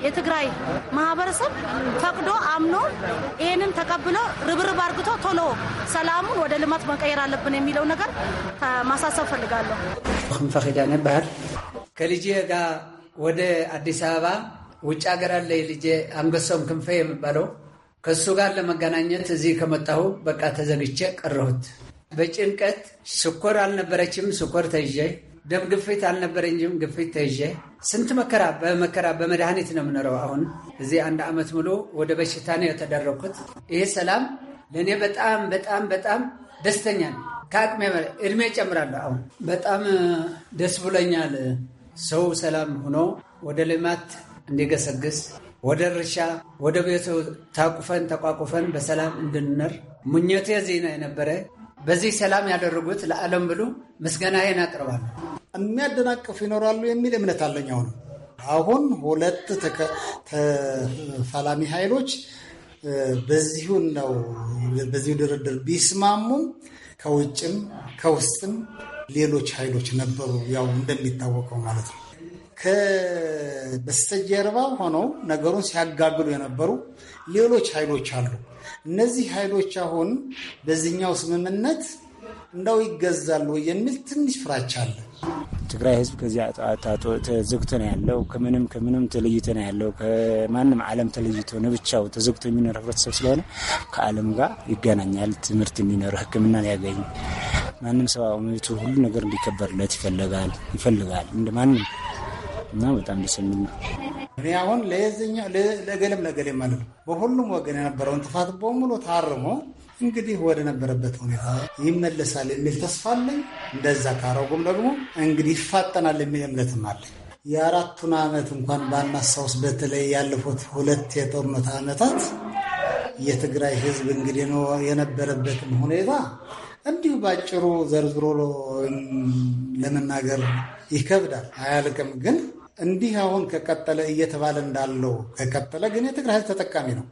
የትግራይ ማህበረሰብ ፈቅዶ አምኖ ይህንን ተቀብሎ ርብርብ አርግቶ ቶሎ ሰላሙን ወደ ልማት መቀየር አለብን የሚለው ነገር ማሳሰብ ፈልጋለሁ። ክንፈኺዳ ይባሃል። ከልጄ ጋር ወደ አዲስ አበባ ውጭ ሀገር አለ ልጄ አንበሳውም ክንፈ የሚባለው ከእሱ ጋር ለመገናኘት እዚህ ከመጣሁ በቃ ተዘግቼ ቀረሁት። በጭንቀት ስኮር አልነበረችም ስኮር ተይዤ ደም ግፊት አልነበረኝም። ግፊት ተይዤ ስንት መከራ በመከራ በመድኃኒት ነው የምኖረው። አሁን እዚህ አንድ ዓመት ሙሉ ወደ በሽታ ነው የተደረኩት። ይሄ ሰላም ለእኔ በጣም በጣም በጣም ደስተኛ ነው። ከአቅሜ እድሜ ጨምራለሁ። አሁን በጣም ደስ ብሎኛል። ሰው ሰላም ሆኖ ወደ ልማት እንዲገሰግስ ወደ እርሻ ወደ ቤቱ ታቁፈን ተቋቁፈን በሰላም እንድንኖር ምኞቴ ዜና የነበረ በዚህ ሰላም ያደረጉት ለዓለም ብሎ ምስጋናዬን አቅርባለሁ። የሚያደናቅፉ ይኖራሉ የሚል እምነት አለኝ። አሁን አሁን ሁለት ተፋላሚ ኃይሎች በዚሁ ነው በዚሁ ድርድር ቢስማሙም ከውጭም ከውስጥም ሌሎች ኃይሎች ነበሩ፣ ያው እንደሚታወቀው ማለት ነው። ከበስተጀርባ ሆነው ነገሩን ሲያጋግሉ የነበሩ ሌሎች ኃይሎች አሉ። እነዚህ ኃይሎች አሁን በዚህኛው ስምምነት እንዳው ይገዛሉ የሚል ትንሽ ፍራቻ አለ። ትግራይ ህዝብ ከዚያ ተዘግቶ ነው ያለው። ከምንም ከምንም ተለይቶ ነው ያለው። ከማንም ዓለም ተለይቶ ብቻው ተዘግቶ የሚኖር ህብረተሰብ ስለሆነ ከዓለም ጋር ይገናኛል። ትምህርት የሚኖር ሕክምና ያገኝ ማንም ሰብአዊ መብቱ ሁሉ ነገር እንዲከበርለት ይፈልጋል ይፈልጋል እንደ ማንም እና በጣም ደስ የሚል ነው። እኔ አሁን ለየዘኛው ለገሌም ለገሌ ማለት በሁሉም ወገን የነበረውን ጥፋት በሙሉ ታርሞ እንግዲህ ወደ ነበረበት ሁኔታ ይመለሳል የሚል ተስፋ አለኝ። እንደዛ ካረጉም ደግሞ እንግዲህ ይፋጠናል የሚል እምነትም አለኝ። የአራቱን ዓመት እንኳን ባናሳውስ በተለይ ያለፉት ሁለት የጦርነት ዓመታት የትግራይ ሕዝብ እንግዲህ ነው የነበረበትም ሁኔታ እንዲሁ ባጭሩ ዘርዝሮ ለመናገር ይከብዳል፣ አያልቅም ግን እንዲህ አሁን ከቀጠለ እየተባለ እንዳለው ከቀጠለ ግን የትግራይ ህዝብ ተጠቃሚ ነው።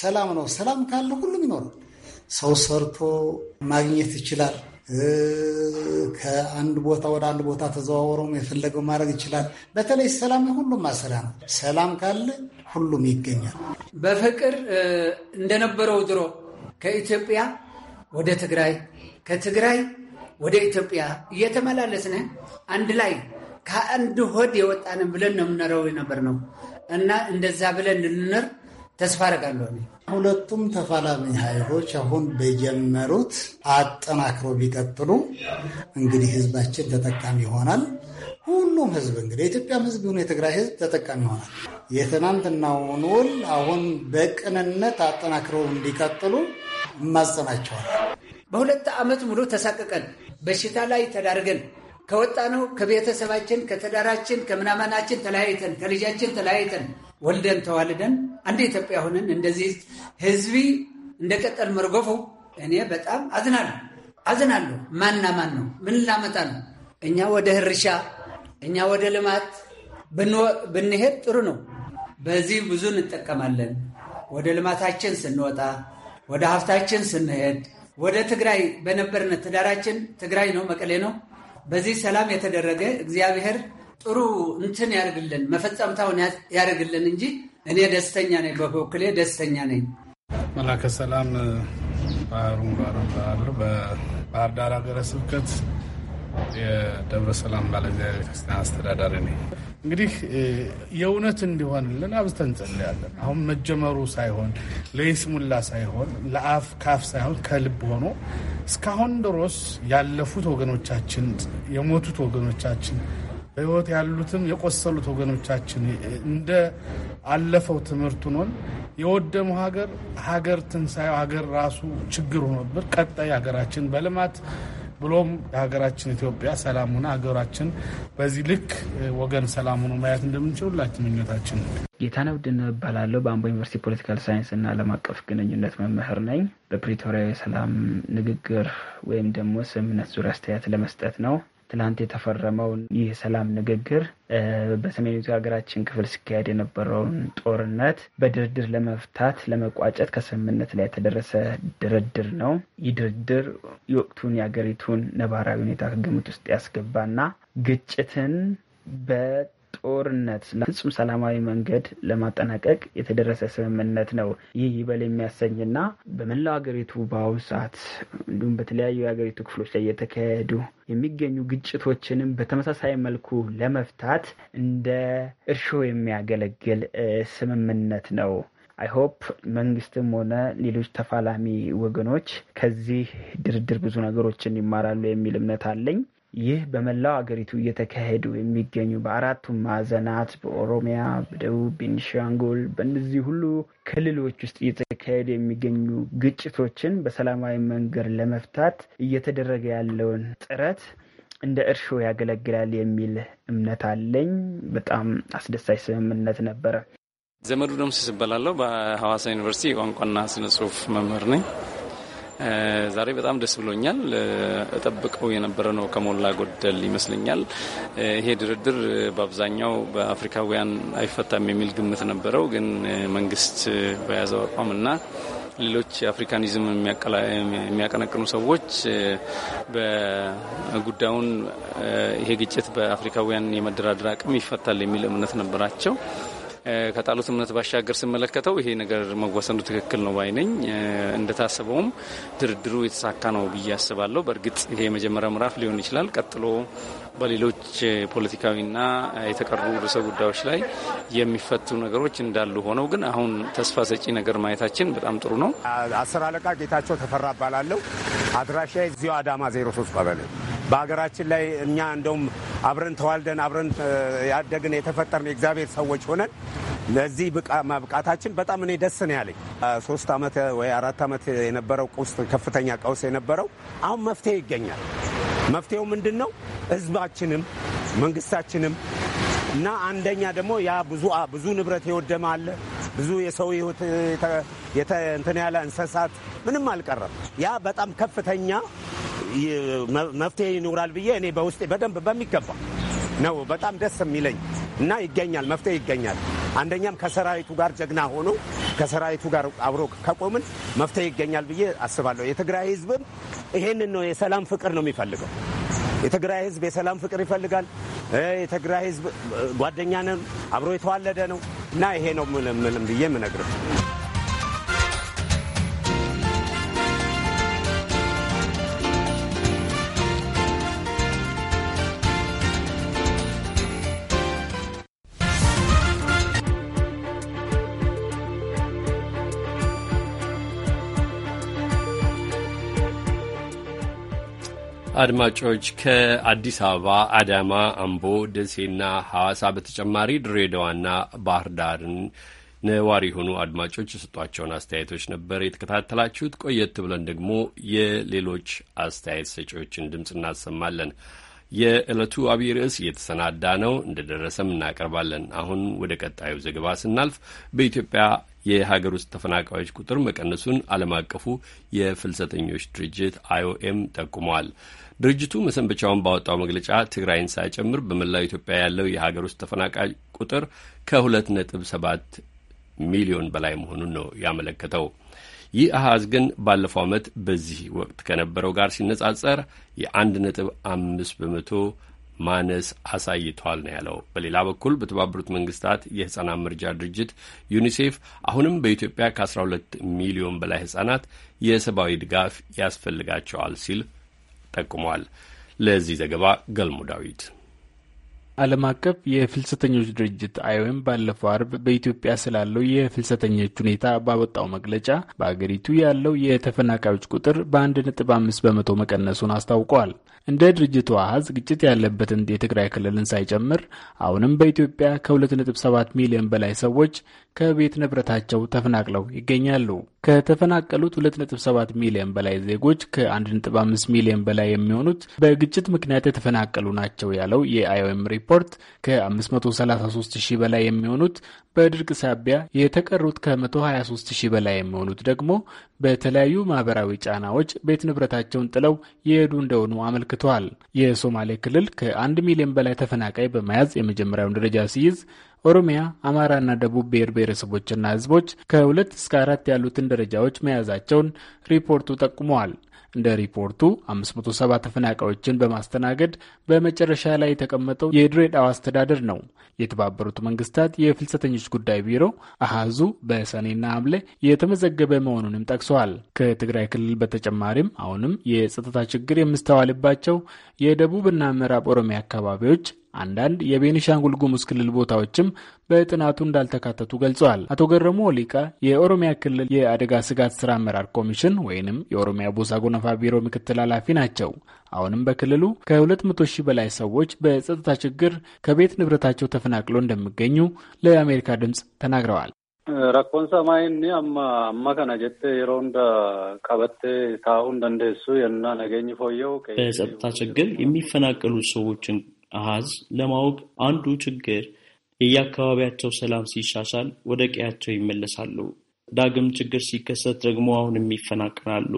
ሰላም ነው። ሰላም ካለ ሁሉም ይኖራል። ሰው ሰርቶ ማግኘት ይችላል። ከአንድ ቦታ ወደ አንድ ቦታ ተዘዋውረውም የፈለገው ማድረግ ይችላል። በተለይ ሰላም የሁሉም ማሰሪያ ነው። ሰላም ካለ ሁሉም ይገኛል። በፍቅር እንደነበረው ድሮ ከኢትዮጵያ ወደ ትግራይ ከትግራይ ወደ ኢትዮጵያ እየተመላለስን አንድ ላይ ከአንድ ሆድ የወጣንን ብለን ነው የምንረው የነበር ነው እና እንደዛ ብለን ልንር ተስፋ አደርጋለሁ። ሁለቱም ተፋላሚ ኃይሎች አሁን በጀመሩት አጠናክሮ ቢቀጥሉ እንግዲህ ህዝባችን ተጠቃሚ ይሆናል። ሁሉም ህዝብ እንግዲህ የኢትዮጵያም ህዝብ ይሁን የትግራይ ህዝብ ተጠቃሚ ይሆናል። የትናንትናውን ውል አሁን በቅንነት አጠናክረው እንዲቀጥሉ እማጸናቸዋል። በሁለት ዓመት ሙሉ ተሳቀቀን፣ በሽታ ላይ ተዳርገን ከወጣነው ከቤተሰባችን ከተዳራችን ከምናምናችን ተለያይተን ከልጃችን ተለያይተን ወልደን ተዋልደን አንድ ኢትዮጵያ ሆነን እንደዚህ ህዝቢ እንደቀጠል መርገፉ እኔ በጣም አዝናለሁ አዝናለሁ። ማንና ማን ነው? ምን ላመጣ ነው? እኛ ወደ እርሻ እኛ ወደ ልማት ብንሄድ ጥሩ ነው። በዚህ ብዙ እንጠቀማለን። ወደ ልማታችን ስንወጣ፣ ወደ ሀብታችን ስንሄድ፣ ወደ ትግራይ በነበርነት ትዳራችን ትግራይ ነው መቀሌ ነው በዚህ ሰላም የተደረገ እግዚአብሔር ጥሩ እንትን ያደርግልን መፈጸምታውን ያደርግልን እንጂ እኔ ደስተኛ ነኝ፣ በበኩሌ ደስተኛ ነኝ። መላከ ሰላም ባህሩ ባረባሉ በባህር ዳር ሀገረ ስብከት የደብረ ሰላም ባለእግዚአብሔር ቤተክርስቲያን አስተዳዳሪ ነኝ። እንግዲህ የእውነት እንዲሆንልን አብዝተን እንጸልያለን። አሁን መጀመሩ ሳይሆን ለይስሙላ ሳይሆን ለአፍ ካፍ ሳይሆን ከልብ ሆኖ እስካሁን ድሮስ ያለፉት ወገኖቻችን፣ የሞቱት ወገኖቻችን፣ በህይወት ያሉትም የቆሰሉት ወገኖቻችን እንደ አለፈው ትምህርት ሆኖን የወደሙ ሀገር ሀገር ትንሣኤ ሀገር ራሱ ችግር ሆኖብን ቀጣይ ሀገራችን በልማት ብሎም የሀገራችን ኢትዮጵያ ሰላም ሆነ ሀገራችን በዚህ ልክ ወገን ሰላም ሆኖ ማየት እንደምንችል ሁላችን ምኞታችን ነው። ጌታነህ እባላለሁ። በአምቦ ዩኒቨርሲቲ ፖለቲካል ሳይንስ እና ዓለም አቀፍ ግንኙነት መምህር ነኝ። በፕሪቶሪያ የሰላም ንግግር ወይም ደግሞ ስምምነት ዙሪያ አስተያየት ለመስጠት ነው። ትላንት የተፈረመውን ይህ ሰላም ንግግር በሰሜኒቱ የሀገራችን ክፍል ሲካሄድ የነበረውን ጦርነት በድርድር ለመፍታት ለመቋጨት ከስምምነት ላይ የተደረሰ ድርድር ነው። ይህ ድርድር የወቅቱን የሀገሪቱን ነባራዊ ሁኔታ ግምት ውስጥ ያስገባና ግጭትን ጦርነት ፍጹም ሰላማዊ መንገድ ለማጠናቀቅ የተደረሰ ስምምነት ነው። ይህ ይበል የሚያሰኝና በመላው ሀገሪቱ በአሁኑ ሰዓት እንዲሁም በተለያዩ የሀገሪቱ ክፍሎች ላይ የተካሄዱ የሚገኙ ግጭቶችንም በተመሳሳይ መልኩ ለመፍታት እንደ እርሾ የሚያገለግል ስምምነት ነው። አይሆፕ መንግስትም ሆነ ሌሎች ተፋላሚ ወገኖች ከዚህ ድርድር ብዙ ነገሮችን ይማራሉ የሚል እምነት አለኝ። ይህ በመላው አገሪቱ እየተካሄዱ የሚገኙ በአራቱ ማዕዘናት በኦሮሚያ፣ በደቡብ፣ ቤኒሻንጉል በእነዚህ ሁሉ ክልሎች ውስጥ እየተካሄዱ የሚገኙ ግጭቶችን በሰላማዊ መንገድ ለመፍታት እየተደረገ ያለውን ጥረት እንደ እርሾ ያገለግላል የሚል እምነት አለኝ። በጣም አስደሳች ስምምነት ነበረ። ዘመዱ ደምስ ስበላለሁ። በሐዋሳ ዩኒቨርሲቲ ቋንቋና ስነ ጽሁፍ መምህር ነኝ። ዛሬ በጣም ደስ ብሎኛል። እጠብቀው የነበረ ነው ከሞላ ጎደል ይመስለኛል። ይሄ ድርድር በአብዛኛው በአፍሪካውያን አይፈታም የሚል ግምት ነበረው። ግን መንግስት በያዘው አቋምና ሌሎች አፍሪካኒዝም የሚያቀነቅኑ ሰዎች በጉዳዩን ይሄ ግጭት በአፍሪካውያን የመደራደር አቅም ይፈታል የሚል እምነት ነበራቸው። ከጣሉት እምነት ባሻገር ስመለከተው ይሄ ነገር መወሰኑ ትክክል ነው ባይነኝ። እንደታሰበውም ድርድሩ የተሳካ ነው ብዬ አስባለሁ። በእርግጥ ይሄ የመጀመሪያ ምዕራፍ ሊሆን ይችላል። ቀጥሎ በሌሎች ፖለቲካዊና የተቀሩ ርዕሰ ጉዳዮች ላይ የሚፈቱ ነገሮች እንዳሉ ሆነው ግን አሁን ተስፋ ሰጪ ነገር ማየታችን በጣም ጥሩ ነው። አስር አለቃ ጌታቸው ተፈራ እባላለሁ። አድራሻ እዚሁ አዳማ 03 ቀበሌ በሀገራችን ላይ እኛ እንደውም አብረን ተዋልደን አብረን ያደግን የተፈጠርን የእግዚአብሔር ሰዎች ሆነን ለዚህ ማብቃታችን በጣም እኔ ደስ ነው ያለኝ። ሶስት ዓመት ወይ አራት ዓመት የነበረው ቁስ ከፍተኛ ቀውስ የነበረው አሁን መፍትሄ ይገኛል። መፍትሄው ምንድን ነው? ህዝባችንም መንግስታችንም እና አንደኛ ደግሞ ያ ብዙ ብዙ ንብረት የወደመ አለ ብዙ የሰው ህይወት እንትን ያለ እንስሳት ምንም አልቀረም። ያ በጣም ከፍተኛ መፍትሄ ይኖራል ብዬ እኔ በውስጤ በደንብ በሚገባ ነው በጣም ደስ የሚለኝ እና ይገኛል፣ መፍትሄ ይገኛል። አንደኛም ከሰራዊቱ ጋር ጀግና ሆኖ ከሰራዊቱ ጋር አብሮ ከቆምን መፍትሄ ይገኛል ብዬ አስባለሁ። የትግራይ ህዝብም ይሄንን ነው የሰላም ፍቅር ነው የሚፈልገው። የትግራይ ህዝብ የሰላም ፍቅር ይፈልጋል። የትግራይ ህዝብ ጓደኛንም አብሮ የተዋለደ ነው እና ይሄ ነው ምንም ብዬ የምነግርህ አድማጮች ከአዲስ አበባ፣ አዳማ፣ አምቦ፣ ደሴና ሐዋሳ በተጨማሪ ድሬዳዋና ባህር ዳርን ነዋሪ የሆኑ አድማጮች የሰጧቸውን አስተያየቶች ነበር የተከታተላችሁት። ቆየት ብለን ደግሞ የሌሎች አስተያየት ሰጪዎችን ድምፅ እናሰማለን። የዕለቱ አብይ ርዕስ እየተሰናዳ ነው፣ እንደደረሰም እናቀርባለን። አሁን ወደ ቀጣዩ ዘገባ ስናልፍ በኢትዮጵያ የሀገር ውስጥ ተፈናቃዮች ቁጥር መቀነሱን ዓለም አቀፉ የፍልሰተኞች ድርጅት አይኦኤም ጠቁመዋል። ድርጅቱ መሰንበቻውን ባወጣው መግለጫ ትግራይን ሳይጨምር በመላው ኢትዮጵያ ያለው የሀገር ውስጥ ተፈናቃይ ቁጥር ከ ነጥብ ሰባት ሚሊዮን በላይ መሆኑን ነው ያመለከተው። ይህ አሃዝ ግን ባለፈው ዓመት በዚህ ወቅት ከነበረው ጋር ሲነጻጸር የአንድ ነጥብ አምስት በመቶ ማነስ አሳይቷል ነው ያለው። በሌላ በኩል በተባበሩት መንግስታት የህጻናት መርጃ ድርጅት ዩኒሴፍ አሁንም በኢትዮጵያ ከ12 ሚሊዮን በላይ ህጻናት የሰብአዊ ድጋፍ ያስፈልጋቸዋል ሲል ጠቁሟል። ለዚህ ዘገባ ገልሙ ዳዊት ዓለም አቀፍ የፍልሰተኞች ድርጅት አይኦኤም ባለፈው አርብ በኢትዮጵያ ስላለው የፍልሰተኞች ሁኔታ ባወጣው መግለጫ በአገሪቱ ያለው የተፈናቃዮች ቁጥር በአንድ ነጥብ አምስት በመቶ መቀነሱን አስታውቋል። እንደ ድርጅቱ አሃዝ ግጭት ያለበትን የትግራይ ክልልን ሳይጨምር አሁንም በኢትዮጵያ ከ2.7 ሚሊዮን በላይ ሰዎች ከቤት ንብረታቸው ተፈናቅለው ይገኛሉ። ከተፈናቀሉት 2.7 ሚሊዮን በላይ ዜጎች ከ1.5 ሚሊዮን በላይ የሚሆኑት በግጭት ምክንያት የተፈናቀሉ ናቸው ያለው የአይኦኤም ሪፖርት ከ533 ሺህ በላይ የሚሆኑት በድርቅ ሳቢያ የተቀሩት ከ123 ሺህ በላይ የሚሆኑት ደግሞ በተለያዩ ማህበራዊ ጫናዎች ቤት ንብረታቸውን ጥለው የሄዱ እንደሆኑ አመልክተዋል። የሶማሌ ክልል ከአንድ ሚሊዮን በላይ ተፈናቃይ በመያዝ የመጀመሪያውን ደረጃ ሲይዝ ኦሮሚያ፣ አማራና ደቡብ ብሔር ብሔረሰቦችና ህዝቦች ከሁለት እስከ አራት ያሉትን ደረጃዎች መያዛቸውን ሪፖርቱ ጠቁመዋል። እንደ ሪፖርቱ 570 ተፈናቃዮችን በማስተናገድ በመጨረሻ ላይ የተቀመጠው የድሬዳዋ አስተዳደር ነው። የተባበሩት መንግስታት የፍልሰተኞች ጉዳይ ቢሮ አሃዙ በሰኔና ሐምሌ የተመዘገበ መሆኑንም ጠቅሰዋል። ከትግራይ ክልል በተጨማሪም አሁንም የጸጥታ ችግር የሚስተዋልባቸው የደቡብና ምዕራብ ኦሮሚያ አካባቢዎች አንዳንድ የቤኒሻንጉል ጉሙዝ ክልል ቦታዎችም በጥናቱ እንዳልተካተቱ ገልጸዋል። አቶ ገረሙ ሊቃ የኦሮሚያ ክልል የአደጋ ስጋት ስራ አመራር ኮሚሽን ወይንም የኦሮሚያ ቦሳ ጎነፋ ቢሮ ምክትል ኃላፊ ናቸው። አሁንም በክልሉ ከ200 ሺህ በላይ ሰዎች በጸጥታ ችግር ከቤት ንብረታቸው ተፈናቅለው እንደሚገኙ ለአሜሪካ ድምፅ ተናግረዋል። ረኮን ሰማይን አማ አማ ከነ የሮ እንደ ቀበቴ ታሁ እንደንደሱ የና ነገኝ ፎየው በጸጥታ ችግር የሚፈናቀሉ ሰዎችን አሃዝ ለማወቅ አንዱ ችግር የየአካባቢያቸው ሰላም ሲሻሻል ወደ ቀያቸው ይመለሳሉ። ዳግም ችግር ሲከሰት ደግሞ አሁንም ይፈናቀላሉ።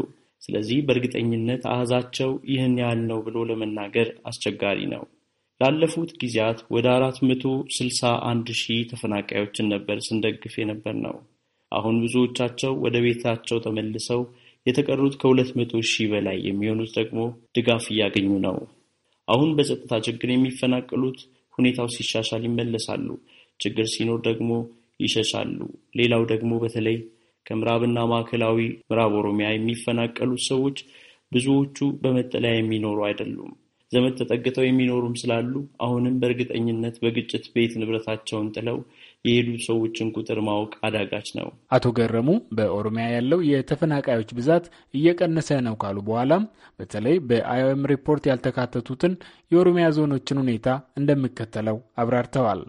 ስለዚህ በእርግጠኝነት አሃዛቸው ይህን ያህል ነው ብሎ ለመናገር አስቸጋሪ ነው። ላለፉት ጊዜያት ወደ አራት መቶ ስልሳ አንድ ሺህ ተፈናቃዮችን ነበር ስንደግፍ የነበር ነው። አሁን ብዙዎቻቸው ወደ ቤታቸው ተመልሰው የተቀሩት ከሁለት መቶ ሺህ በላይ የሚሆኑት ደግሞ ድጋፍ እያገኙ ነው። አሁን በጸጥታ ችግር የሚፈናቀሉት ሁኔታው ሲሻሻል ይመለሳሉ፣ ችግር ሲኖር ደግሞ ይሸሻሉ። ሌላው ደግሞ በተለይ ከምዕራብና ማዕከላዊ ምዕራብ ኦሮሚያ የሚፈናቀሉት ሰዎች ብዙዎቹ በመጠለያ የሚኖሩ አይደሉም። ዘመድ ተጠግተው የሚኖሩም ስላሉ አሁንም በእርግጠኝነት በግጭት ቤት ንብረታቸውን ጥለው የሄዱ ሰዎችን ቁጥር ማወቅ አዳጋች ነው። አቶ ገረሙ በኦሮሚያ ያለው የተፈናቃዮች ብዛት እየቀነሰ ነው ካሉ በኋላም በተለይ በአይኦኤም ሪፖርት ያልተካተቱትን የኦሮሚያ ዞኖችን ሁኔታ እንደሚከተለው አብራርተዋል።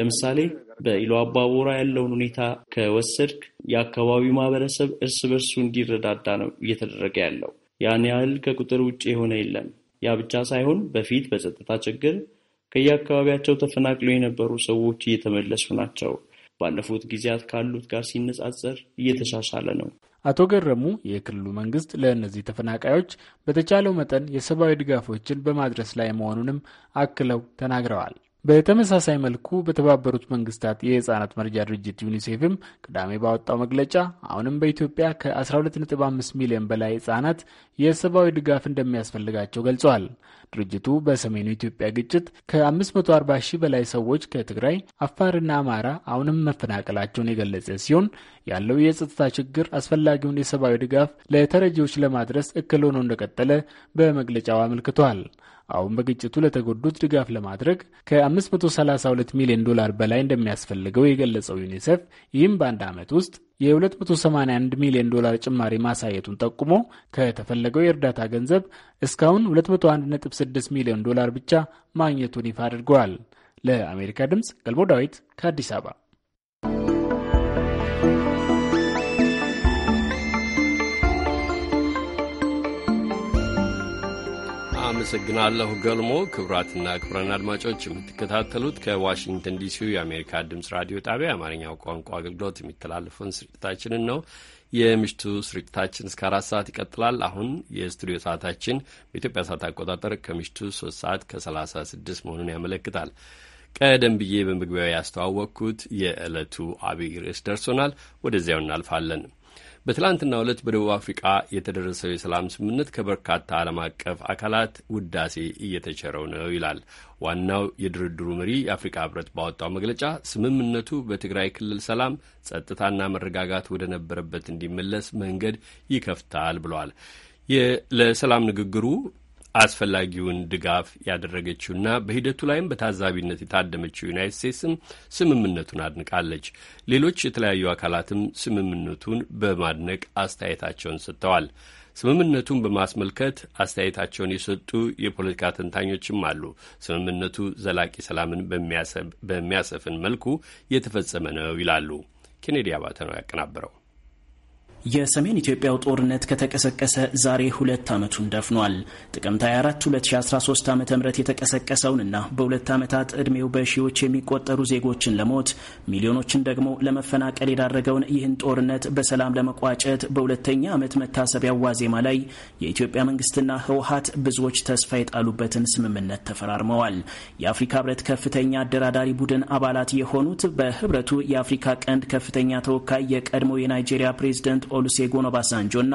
ለምሳሌ በኢሉ አባቦራ ያለውን ሁኔታ ከወሰድክ የአካባቢው ማህበረሰብ እርስ በርሱ እንዲረዳዳ ነው እየተደረገ ያለው። ያን ያህል ከቁጥር ውጭ የሆነ የለም። ያ ብቻ ሳይሆን በፊት በጸጥታ ችግር ከየአካባቢያቸው ተፈናቅለው የነበሩ ሰዎች እየተመለሱ ናቸው። ባለፉት ጊዜያት ካሉት ጋር ሲነጻጸር እየተሻሻለ ነው። አቶ ገረሙ የክልሉ መንግስት ለእነዚህ ተፈናቃዮች በተቻለው መጠን የሰብአዊ ድጋፎችን በማድረስ ላይ መሆኑንም አክለው ተናግረዋል። በተመሳሳይ መልኩ በተባበሩት መንግስታት የህጻናት መርጃ ድርጅት ዩኒሴፍም ቅዳሜ ባወጣው መግለጫ አሁንም በኢትዮጵያ ከ12.5 ሚሊዮን በላይ ህጻናት የሰብአዊ ድጋፍ እንደሚያስፈልጋቸው ገልጸዋል። ድርጅቱ በሰሜኑ ኢትዮጵያ ግጭት ከ540 ሺህ በላይ ሰዎች ከትግራይ፣ አፋርና አማራ አሁንም መፈናቀላቸውን የገለጸ ሲሆን ያለው የጸጥታ ችግር አስፈላጊውን የሰብአዊ ድጋፍ ለተረጂዎች ለማድረስ እክል ሆኖ እንደቀጠለ በመግለጫው አመልክቷል። አሁን በግጭቱ ለተጎዱት ድጋፍ ለማድረግ ከ532 ሚሊዮን ዶላር በላይ እንደሚያስፈልገው የገለጸው ዩኒሴፍ ይህም በአንድ ዓመት ውስጥ የ281 ሚሊዮን ዶላር ጭማሪ ማሳየቱን ጠቁሞ ከተፈለገው የእርዳታ ገንዘብ እስካሁን 216 ሚሊዮን ዶላር ብቻ ማግኘቱን ይፋ አድርገዋል። ለአሜሪካ ድምፅ ገልሞ ዳዊት ከአዲስ አበባ አመሰግናለሁ ገልሞ። ክቡራትና ክቡራን አድማጮች የምትከታተሉት ከዋሽንግተን ዲሲው የአሜሪካ ድምፅ ራዲዮ ጣቢያ የአማርኛው ቋንቋ አገልግሎት የሚተላለፈውን ስርጭታችንን ነው። የምሽቱ ስርጭታችን እስከ አራት ሰዓት ይቀጥላል። አሁን የስቱዲዮ ሰዓታችን በኢትዮጵያ ሰዓት አቆጣጠር ከምሽቱ ሶስት ሰዓት ከሰላሳ ስድስት መሆኑን ያመለክታል። ቀደም ብዬ በመግቢያው ያስተዋወቅኩት የዕለቱ አብይ ርዕስ ደርሶናል። ወደዚያው እናልፋለን። በትላንትናው ዕለት በደቡብ አፍሪቃ የተደረሰው የሰላም ስምምነት ከበርካታ ዓለም አቀፍ አካላት ውዳሴ እየተቸረው ነው ይላል ዋናው የድርድሩ መሪ። የአፍሪካ ህብረት ባወጣው መግለጫ ስምምነቱ በትግራይ ክልል ሰላም፣ ጸጥታና መረጋጋት ወደ ነበረበት እንዲመለስ መንገድ ይከፍታል ብሏል። ለሰላም ንግግሩ አስፈላጊውን ድጋፍ ያደረገችውና በሂደቱ ላይም በታዛቢነት የታደመችው ዩናይት ስቴትስም ስምምነቱን አድንቃለች። ሌሎች የተለያዩ አካላትም ስምምነቱን በማድነቅ አስተያየታቸውን ሰጥተዋል። ስምምነቱን በማስመልከት አስተያየታቸውን የሰጡ የፖለቲካ ተንታኞችም አሉ። ስምምነቱ ዘላቂ ሰላምን በሚያሰፍን መልኩ የተፈጸመ ነው ይላሉ። ኬኔዲ አባተ ነው ያቀናበረው። የሰሜን ኢትዮጵያው ጦርነት ከተቀሰቀሰ ዛሬ ሁለት ዓመቱን ደፍኗል። ጥቅምት 24 2013 ዓ ም የተቀሰቀሰውንና በሁለት ዓመታት ዕድሜው በሺዎች የሚቆጠሩ ዜጎችን ለሞት ሚሊዮኖችን ደግሞ ለመፈናቀል የዳረገውን ይህን ጦርነት በሰላም ለመቋጨት በሁለተኛ ዓመት መታሰቢያ ዋዜማ ላይ የኢትዮጵያ መንግስትና ህወሀት ብዙዎች ተስፋ የጣሉበትን ስምምነት ተፈራርመዋል። የአፍሪካ ህብረት ከፍተኛ አደራዳሪ ቡድን አባላት የሆኑት በህብረቱ የአፍሪካ ቀንድ ከፍተኛ ተወካይ የቀድሞ የናይጄሪያ ፕሬዚደንት ኦሉሴጎን ኦባሳንጆና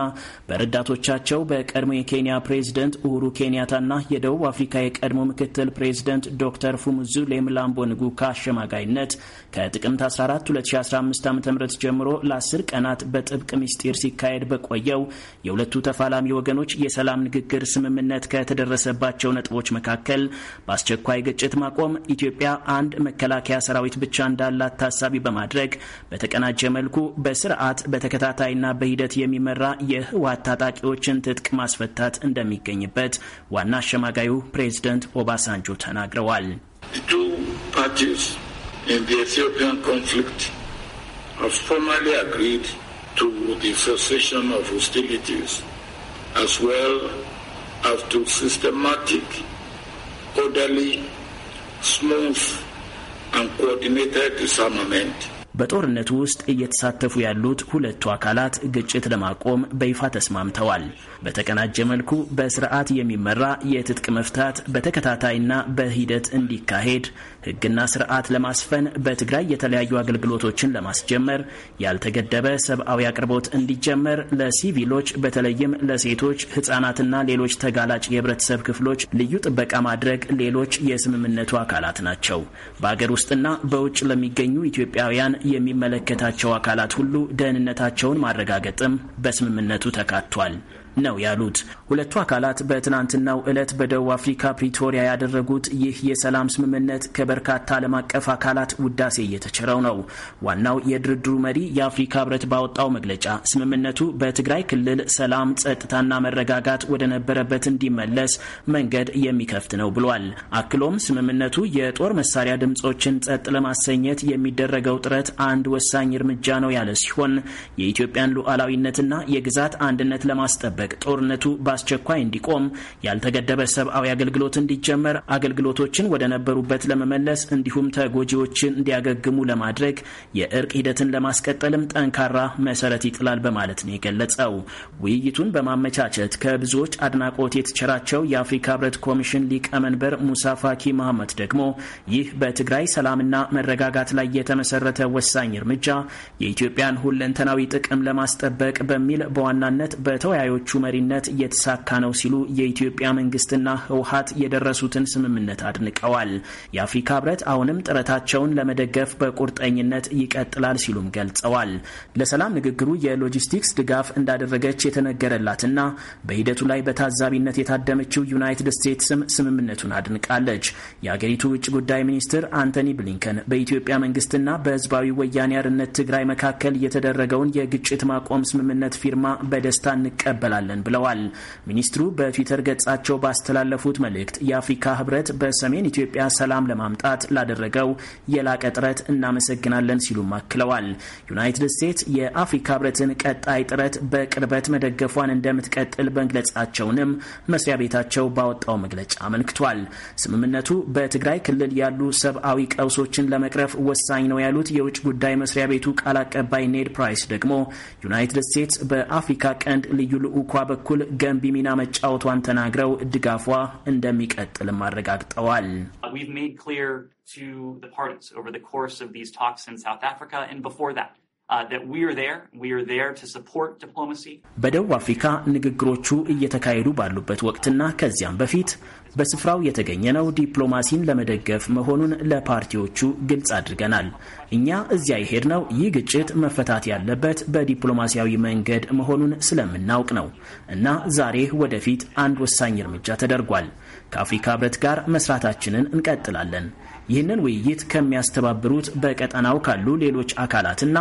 በረዳቶቻቸው በቀድሞ የኬንያ ፕሬዝደንት ኡሁሩ ኬንያታና የደቡብ አፍሪካ የቀድሞ ምክትል ፕሬዝደንት ዶክተር ፉሙዙሌ ምላምቦ ንጉካ አሸማጋይነት ከጥቅምት 14 2015 ዓ ም ጀምሮ ለ10 ቀናት በጥብቅ ሚስጢር ሲካሄድ በቆየው የሁለቱ ተፋላሚ ወገኖች የሰላም ንግግር ስምምነት ከተደረሰባቸው ነጥቦች መካከል በአስቸኳይ ግጭት ማቆም፣ ኢትዮጵያ አንድ መከላከያ ሰራዊት ብቻ እንዳላት ታሳቢ በማድረግ በተቀናጀ መልኩ በስርዓት በተከታታይና በሂደት የሚመራ የህወሓት ታጣቂዎችን ትጥቅ ማስፈታት እንደሚገኝበት ዋና አሸማጋዩ ፕሬዝደንት ኦባሳንጆ ተናግረዋል። orderly, smooth and coordinated disarmament በጦርነቱ ውስጥ እየተሳተፉ ያሉት ሁለቱ አካላት ግጭት ለማቆም በይፋ ተስማምተዋል። በተቀናጀ መልኩ በስርዓት የሚመራ የትጥቅ መፍታት በተከታታይና በሂደት እንዲካሄድ ህግና ስርዓት ለማስፈን በትግራይ የተለያዩ አገልግሎቶችን ለማስጀመር ያልተገደበ ሰብአዊ አቅርቦት እንዲጀመር ለሲቪሎች በተለይም ለሴቶች ህጻናትና ሌሎች ተጋላጭ የህብረተሰብ ክፍሎች ልዩ ጥበቃ ማድረግ ሌሎች የስምምነቱ አካላት ናቸው። በአገር ውስጥና በውጭ ለሚገኙ ኢትዮጵያውያን የሚመለከታቸው አካላት ሁሉ ደህንነታቸውን ማረጋገጥም በስምምነቱ ተካቷል። ነው ያሉት። ሁለቱ አካላት በትናንትናው ዕለት በደቡብ አፍሪካ ፕሪቶሪያ ያደረጉት ይህ የሰላም ስምምነት ከበርካታ ዓለም አቀፍ አካላት ውዳሴ እየተቸረው ነው። ዋናው የድርድሩ መሪ የአፍሪካ ህብረት ባወጣው መግለጫ ስምምነቱ በትግራይ ክልል ሰላም፣ ጸጥታና መረጋጋት ወደነበረበት እንዲመለስ መንገድ የሚከፍት ነው ብሏል። አክሎም ስምምነቱ የጦር መሳሪያ ድምፆችን ጸጥ ለማሰኘት የሚደረገው ጥረት አንድ ወሳኝ እርምጃ ነው ያለ ሲሆን የኢትዮጵያን ሉዓላዊነትና የግዛት አንድነት ለማስጠበቅ በማድረግ ጦርነቱ በአስቸኳይ እንዲቆም፣ ያልተገደበ ሰብአዊ አገልግሎት እንዲጀመር፣ አገልግሎቶችን ወደ ነበሩበት ለመመለስ እንዲሁም ተጎጂዎችን እንዲያገግሙ ለማድረግ የእርቅ ሂደትን ለማስቀጠልም ጠንካራ መሰረት ይጥላል በማለት ነው የገለጸው። ውይይቱን በማመቻቸት ከብዙዎች አድናቆት የተቸራቸው የአፍሪካ ህብረት ኮሚሽን ሊቀመንበር ሙሳ ፋኪ መሐመድ ደግሞ ይህ በትግራይ ሰላምና መረጋጋት ላይ የተመሰረተ ወሳኝ እርምጃ የኢትዮጵያን ሁለንተናዊ ጥቅም ለማስጠበቅ በሚል በዋናነት በተወያዮቹ መሪነት እየተሳካ ነው ሲሉ የኢትዮጵያ መንግስትና ህወሀት የደረሱትን ስምምነት አድንቀዋል። የአፍሪካ ህብረት አሁንም ጥረታቸውን ለመደገፍ በቁርጠኝነት ይቀጥላል ሲሉም ገልጸዋል። ለሰላም ንግግሩ የሎጂስቲክስ ድጋፍ እንዳደረገች የተነገረላትና በሂደቱ ላይ በታዛቢነት የታደመችው ዩናይትድ ስቴትስም ስምምነቱን አድንቃለች። የአገሪቱ ውጭ ጉዳይ ሚኒስትር አንቶኒ ብሊንከን በኢትዮጵያ መንግስትና በህዝባዊ ወያኔ ሓርነት ትግራይ መካከል የተደረገውን የግጭት ማቆም ስምምነት ፊርማ በደስታ እንቀበላለን እንሰራለን ብለዋል። ሚኒስትሩ በትዊተር ገጻቸው ባስተላለፉት መልእክት የአፍሪካ ህብረት በሰሜን ኢትዮጵያ ሰላም ለማምጣት ላደረገው የላቀ ጥረት እናመሰግናለን ሲሉም አክለዋል። ዩናይትድ ስቴትስ የአፍሪካ ህብረትን ቀጣይ ጥረት በቅርበት መደገፏን እንደምትቀጥል በመግለጻቸውንም መስሪያ ቤታቸው ባወጣው መግለጫ አመልክቷል። ስምምነቱ በትግራይ ክልል ያሉ ሰብአዊ ቀውሶችን ለመቅረፍ ወሳኝ ነው ያሉት የውጭ ጉዳይ መስሪያ ቤቱ ቃል አቀባይ ኔድ ፕራይስ ደግሞ ዩናይትድ ስቴትስ በአፍሪካ ቀንድ ልዩ ልዑ በኩል ገንቢ ሚና መጫወቷን ተናግረው ድጋፏ እንደሚቀጥልም አረጋግጠዋል። uh, We've made clear to the parties over the course of these talks in South Africa and before that. Uh, በደቡብ አፍሪካ ንግግሮቹ እየተካሄዱ ባሉበት ወቅትና ከዚያም በፊት በስፍራው የተገኘነው ዲፕሎማሲን ለመደገፍ መሆኑን ለፓርቲዎቹ ግልጽ አድርገናል። እኛ እዚያ የሄድነው ይህ ግጭት መፈታት ያለበት በዲፕሎማሲያዊ መንገድ መሆኑን ስለምናውቅ ነው እና ዛሬ ወደፊት አንድ ወሳኝ እርምጃ ተደርጓል። ከአፍሪካ ሕብረት ጋር መስራታችንን እንቀጥላለን። ይህንን ውይይት ከሚያስተባብሩት በቀጠናው ካሉ ሌሎች አካላትና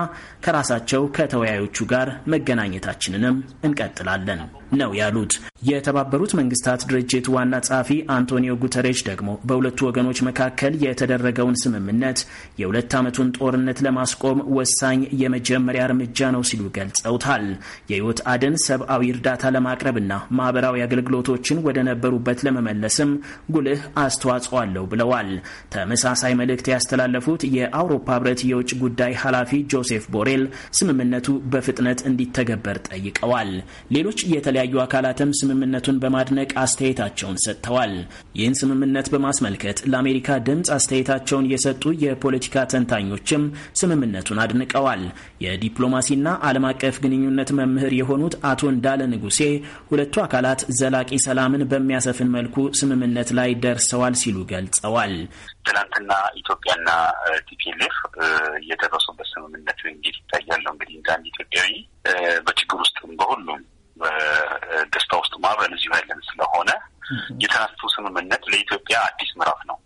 ከራሳቸው ከተወያዮቹ ጋር መገናኘታችንንም እንቀጥላለን። ነው ያሉት። የተባበሩት መንግስታት ድርጅት ዋና ጸሐፊ አንቶኒዮ ጉተሬሽ ደግሞ በሁለቱ ወገኖች መካከል የተደረገውን ስምምነት የሁለት ዓመቱን ጦርነት ለማስቆም ወሳኝ የመጀመሪያ እርምጃ ነው ሲሉ ገልጸውታል። የህይወት አደን ሰብአዊ እርዳታ ለማቅረብና ማህበራዊ አገልግሎቶችን ወደ ነበሩበት ለመመለስም ጉልህ አስተዋጽኦ አለው ብለዋል። ተመሳሳይ መልእክት ያስተላለፉት የአውሮፓ ህብረት የውጭ ጉዳይ ኃላፊ ጆሴፍ ቦሬል ስምምነቱ በፍጥነት እንዲተገበር ጠይቀዋል። ሌሎች የተለያዩ አካላትም ስምምነቱን በማድነቅ አስተያየታቸውን ሰጥተዋል። ይህን ስምምነት በማስመልከት ለአሜሪካ ድምፅ አስተያየታቸውን የሰጡ የፖለቲካ ተንታኞችም ስምምነቱን አድንቀዋል። የዲፕሎማሲና ዓለም አቀፍ ግንኙነት መምህር የሆኑት አቶ እንዳለ ንጉሴ ሁለቱ አካላት ዘላቂ ሰላምን በሚያሰፍን መልኩ ስምምነት ላይ ደርሰዋል ሲሉ ገልጸዋል። ትናንትና ኢትዮጵያና ቲፒኤልኤፍ የደረሱበት ስምምነት እንግዲህ ይታያለው። እንግዲህ እንደ አንድ ኢትዮጵያዊ በችግር ውስጥም በሁሉም በደስታ ውስጥማ እዚሁ ያለን ስለሆነ የተነሱ ስምምነት ለኢትዮጵያ አዲስ ምዕራፍ ነው።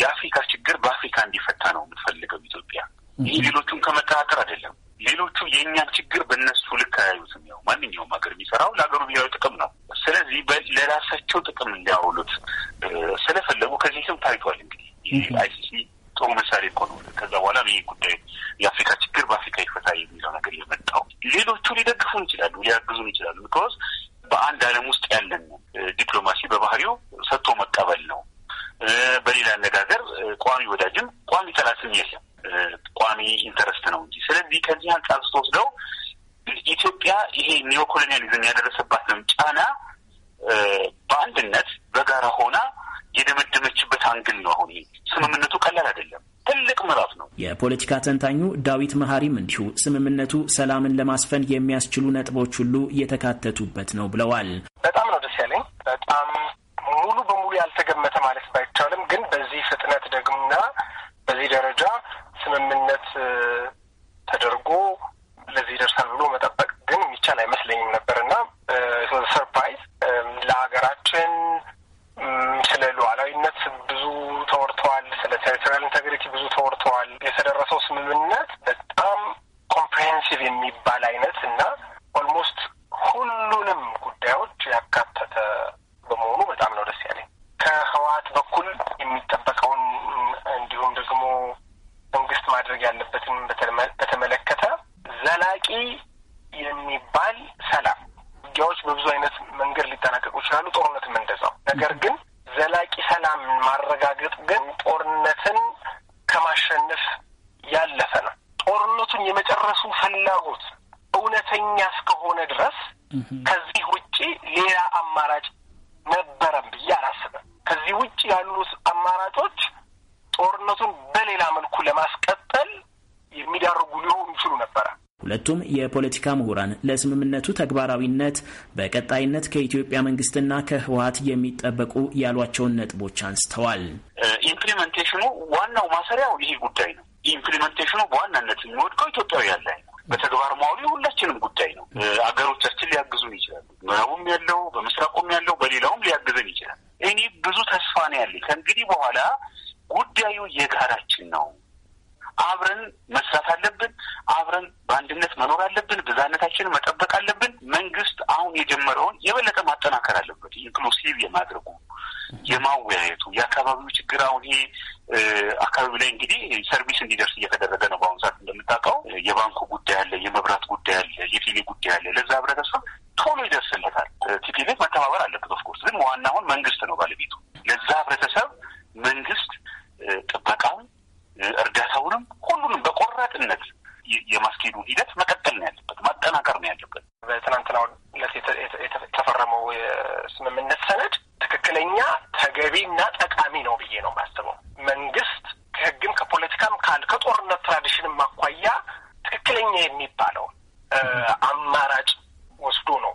የአፍሪካ ችግር በአፍሪካ እንዲፈታ ነው የምትፈልገው ኢትዮጵያ። ይህ ሌሎቹን ከመጠራጠር አይደለም። ሌሎቹ የእኛን ችግር በእነሱ ልክ አያዩትም። ያው ማንኛውም ሀገር የሚሰራው ለሀገሩ ብሔራዊ ጥቅም ነው። ስለዚህ ለራሳቸው ጥቅም እንዲያውሉት ስለፈለጉ ከዚህ ስም ታይቷል። እንግዲህ ይህ አይሲሲ ጥሩ ምሳሌ እኮ ነው። ከዛ በኋላ ነው because የፖለቲካ ተንታኙ ዳዊት መሐሪም እንዲሁ ስምምነቱ ሰላምን ለማስፈን የሚያስችሉ ነጥቦች ሁሉ የተካተቱበት ነው ብለዋል። ከፍተኛ እስከሆነ ድረስ ከዚህ ውጪ ሌላ አማራጭ ነበረም ብዬ አላስብም። ከዚህ ውጭ ያሉት አማራጮች ጦርነቱን በሌላ መልኩ ለማስቀጠል የሚዳርጉ ሊሆኑ ይችሉ ነበረ። ሁለቱም የፖለቲካ ምሁራን ለስምምነቱ ተግባራዊነት በቀጣይነት ከኢትዮጵያ መንግስትና ከህወሀት የሚጠበቁ ያሏቸውን ነጥቦች አንስተዋል። ኢምፕሊመንቴሽኑ ዋናው ማሰሪያው ይሄ ጉዳይ ነው። ኢምፕሊመንቴሽኑ በዋናነት የሚወድቀው ኢትዮጵያዊ ። ያለ ነው። በተግባር ማዋሉ የሁላችንም ጉዳይ ነው። አገሮቻችን ሊያግዙን ይችላሉ። ምዕራቡም ያለው በምስራቁም ያለው በሌላውም ሊያግዘን ይችላል። እኔ ብዙ ተስፋ ነው ያለኝ። ከእንግዲህ በኋላ ጉዳዩ የጋራችን ነው። አብረን መስራት አለብን። አብረን በአንድነት መኖር አለብን። ብዛነታችንን መጠበቅ አለብን። መንግስት አሁን የጀመረውን የበለጠ ማጠናከር አለበት። ኢንክሉሲቭ የማድረጉ የማወያየቱ የአካባቢው ችግር አሁን ይሄ አካባቢ ላይ እንግዲህ ሰርቪስ እንዲደርስ እየተደረገ ነው። በአሁኑ ሰዓት እንደምታውቀው የባንኩ ጉዳይ አለ፣ የመብራት ጉዳይ አለ፣ የቴሌ ጉዳይ አለ። ለዛ ህብረተሰብ ቶሎ ይደርስለታል። ቲፒቤ መተባበር አለበት። ኦፍኮርስ ግን ዋና አሁን መንግስት ነው ባለቤቱ። ለዛ ህብረተሰብ መንግስት ጥበቃውን፣ እርዳታውንም ሁሉንም በቆራጥነት የማስኬዱ ሂደት መቀጠል ነው ያለበት፣ ማጠናከር ነው ያለበት። በትናንትናው ዕለት የተፈረመው የስምምነት ሰነድ ትክክለኛ ተገቢና ጠቃሚ ነው ብዬ ነው የማስበው። መንግስት ከህግም ከፖለቲካም ካል ከጦርነት ትራዲሽንም አኳያ ትክክለኛ የሚባለው አማራጭ ወስዶ ነው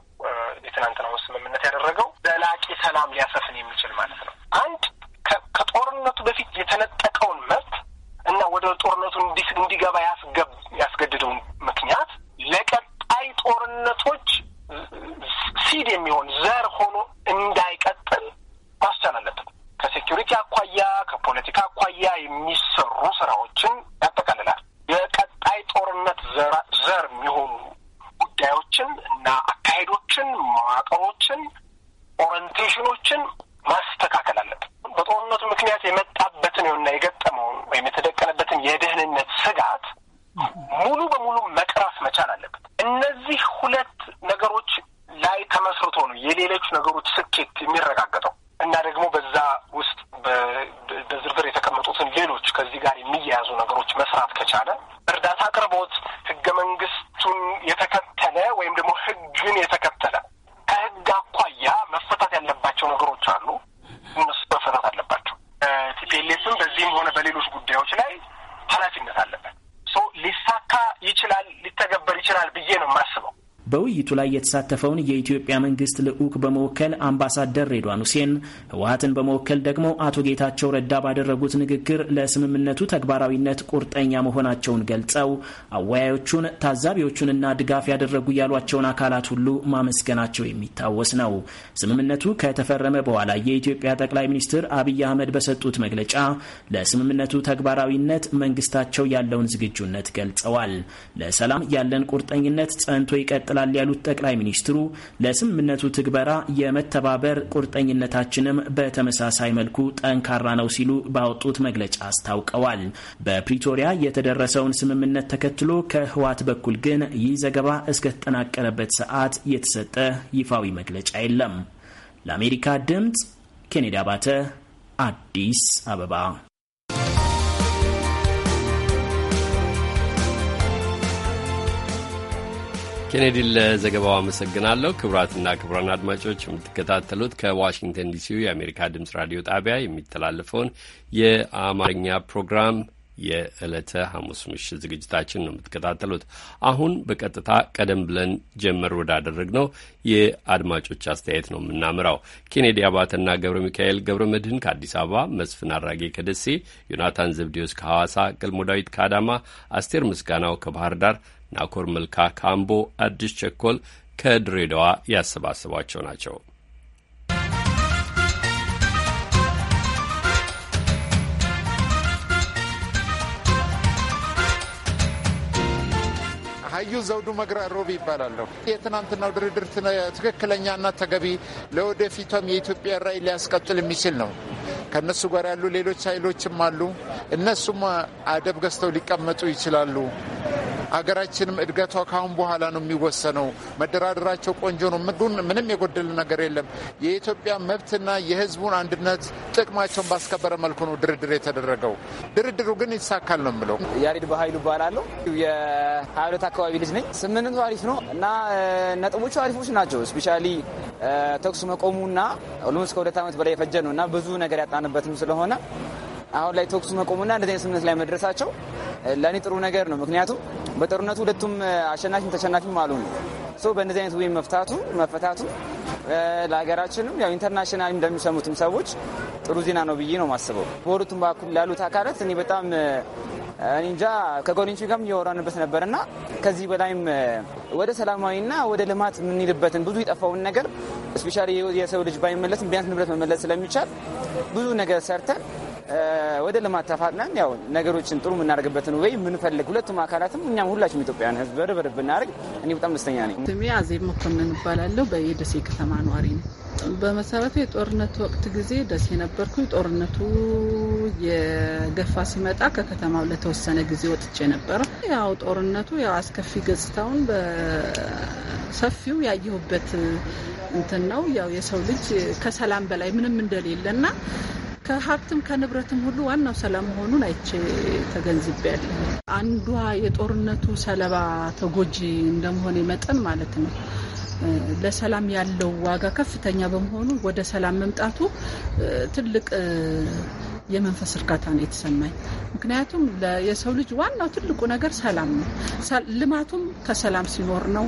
የትናንትናው ስምምነት ያደረገው ዘላቂ ሰላም ሊያሰፍን የሚችል ማለት ነው። አንድ ከጦርነቱ በፊት የተነጠቀውን መብት እና ወደ ጦርነቱ እንዲገባ ያስገብ ያስገድደው ምክንያት ለቀጣይ ጦርነቶች ሲድ የሚሆን ዘር ሆኖ እንዳይቀጥል ማስቻል አለበት። ከሴኪሪቲ አኳያ፣ ከፖለቲካ አኳያ የሚሰሩ ስራዎችን ያጠቃልላል። የቀጣይ ጦርነት ዘር የሚሆኑ ጉዳዮችን እና አካሄዶችን፣ መዋቅሮችን፣ ኦሪንቴሽኖችን በውይይቱ ላይ የተሳተፈውን የኢትዮጵያ መንግስት ልዑክ በመወከል አምባሳደር ሬድዋን ሁሴን፣ ህወሀትን በመወከል ደግሞ አቶ ጌታቸው ረዳ ባደረጉት ንግግር ለስምምነቱ ተግባራዊነት ቁርጠኛ መሆናቸውን ገልጸው አወያዮቹን ታዛቢዎቹንና ድጋፍ ያደረጉ ያሏቸውን አካላት ሁሉ ማመስገናቸው የሚታወስ ነው። ስምምነቱ ከተፈረመ በኋላ የኢትዮጵያ ጠቅላይ ሚኒስትር አብይ አህመድ በሰጡት መግለጫ ለስምምነቱ ተግባራዊነት መንግስታቸው ያለውን ዝግጁነት ገልጸዋል። ለሰላም ያለን ቁርጠኝነት ጸንቶ ይቀጥላል ያሉ ያሉት ጠቅላይ ሚኒስትሩ ለስምምነቱ ትግበራ የመተባበር ቁርጠኝነታችንም በተመሳሳይ መልኩ ጠንካራ ነው ሲሉ ባወጡት መግለጫ አስታውቀዋል። በፕሪቶሪያ የተደረሰውን ስምምነት ተከትሎ ከህዋት በኩል ግን ይህ ዘገባ እስከተጠናቀረበት ሰዓት የተሰጠ ይፋዊ መግለጫ የለም። ለአሜሪካ ድምፅ ኬኔዲ አባተ አዲስ አበባ ኬኔዲ ለዘገባው አመሰግናለሁ። ክቡራትና ክቡራን አድማጮች የምትከታተሉት ከዋሽንግተን ዲሲው የአሜሪካ ድምፅ ራዲዮ ጣቢያ የሚተላለፈውን የአማርኛ ፕሮግራም የዕለተ ሐሙስ ምሽት ዝግጅታችን ነው የምትከታተሉት። አሁን በቀጥታ ቀደም ብለን ጀመር ወዳደረግ ነው የአድማጮች አስተያየት ነው የምናምራው። ኬኔዲ አባተና ገብረ ሚካኤል ገብረ መድህን ከአዲስ አበባ፣ መስፍን አራጌ ከደሴ፣ ዮናታን ዘብዲዮስ ከሐዋሳ፣ ገልሞ ዳዊት ከአዳማ፣ አስቴር ምስጋናው ከባህር ዳር ናኮር መልካ ካምቦ አዲስ ቸኮል ከድሬዳዋ ያሰባሰቧቸው ናቸው። ዩ ዘውዱ መግራ ሮቢ ይባላለሁ። የትናንትናው ድርድር ትክክለኛና ተገቢ ለወደፊቷም የኢትዮጵያ ራዕይ ሊያስቀጥል የሚችል ነው። ከእነሱ ጋር ያሉ ሌሎች ኃይሎችም አሉ። እነሱም አደብ ገዝተው ሊቀመጡ ይችላሉ። አገራችንም እድገቷ ካሁን በኋላ ነው የሚወሰነው። መደራደራቸው ቆንጆ ነው። ምንም የጎደለ ነገር የለም። የኢትዮጵያ መብትና የህዝቡን አንድነት ጥቅማቸውን ባስከበረ መልኩ ነው ድርድር የተደረገው። ድርድሩ ግን ይሳካል ነው የምለው። ያሬድ በሀይሉ እባላለሁ። የሀያ ሁለት አካባቢ ልጅ ነኝ። ስምንቱ አሪፍ ነው እና ነጥቦቹ አሪፎች ናቸው። ስፔሻሊ ተኩስ መቆሙና ኦልሞስ ከሁለት ዓመት በላይ የፈጀ ነው እና ብዙ ነገር ያጣንበትም ስለሆነ አሁን ላይ ተኩሱ መቆሙና እንደዚህ አይነት ስምምነት ላይ መድረሳቸው ለእኔ ጥሩ ነገር ነው። ምክንያቱም በጦርነቱ ሁለቱም አሸናፊም ተሸናፊም አሉ ነው በእንደዚህ አይነት ውይም መፍታቱ መፈታቱ ለሀገራችንም ያው ኢንተርናሽናል እንደሚሰሙትም ሰዎች ጥሩ ዜና ነው ብዬ ነው ማስበው። በሁለቱም በኩል ላሉት አካላት እኔ በጣም እንጃ ከጎደኞቹ ጋርም እያወራንበት ነበርና ከዚህ በላይም ወደ ሰላማዊና ወደ ልማት የምንሄድበትን ብዙ የጠፋውን ነገር ስፔሻ የሰው ልጅ ባይመለስም ቢያንስ ንብረት መመለስ ስለሚቻል ብዙ ነገር ሰርተን ወደ ልማት ተፋጥነን ያው ነገሮችን ጥሩ የምናደርግበትን ወይ የምንፈልግ ሁለቱም አካላትም እኛም ሁላችም ኢትዮጵያን ህዝብ በርብር ብናደርግ እኔ በጣም ደስተኛ ነኝ። ስሜ አዜብ መኮንን እባላለሁ። በየደሴ ከተማ ነዋሪ ነው። በመሰረቱ የጦርነት ወቅት ጊዜ ደሴ ነበርኩ ጦርነቱ የገፋ ሲመጣ ከከተማው ለተወሰነ ጊዜ ወጥቼ ነበረ። ያው ጦርነቱ ያው አስከፊ ገጽታውን በሰፊው ያየሁበት እንትን ነው። ያው የሰው ልጅ ከሰላም በላይ ምንም እንደሌለና ከሀብትም ከንብረትም ሁሉ ዋናው ሰላም መሆኑን አይቼ ተገንዝቤያለሁ። አንዷ የጦርነቱ ሰለባ ተጎጂ እንደመሆነ መጠን ማለት ነው ለሰላም ያለው ዋጋ ከፍተኛ በመሆኑ ወደ ሰላም መምጣቱ ትልቅ የመንፈስ እርካታ ነው የተሰማኝ። ምክንያቱም የሰው ልጅ ዋናው ትልቁ ነገር ሰላም ነው። ልማቱም ከሰላም ሲኖር ነው።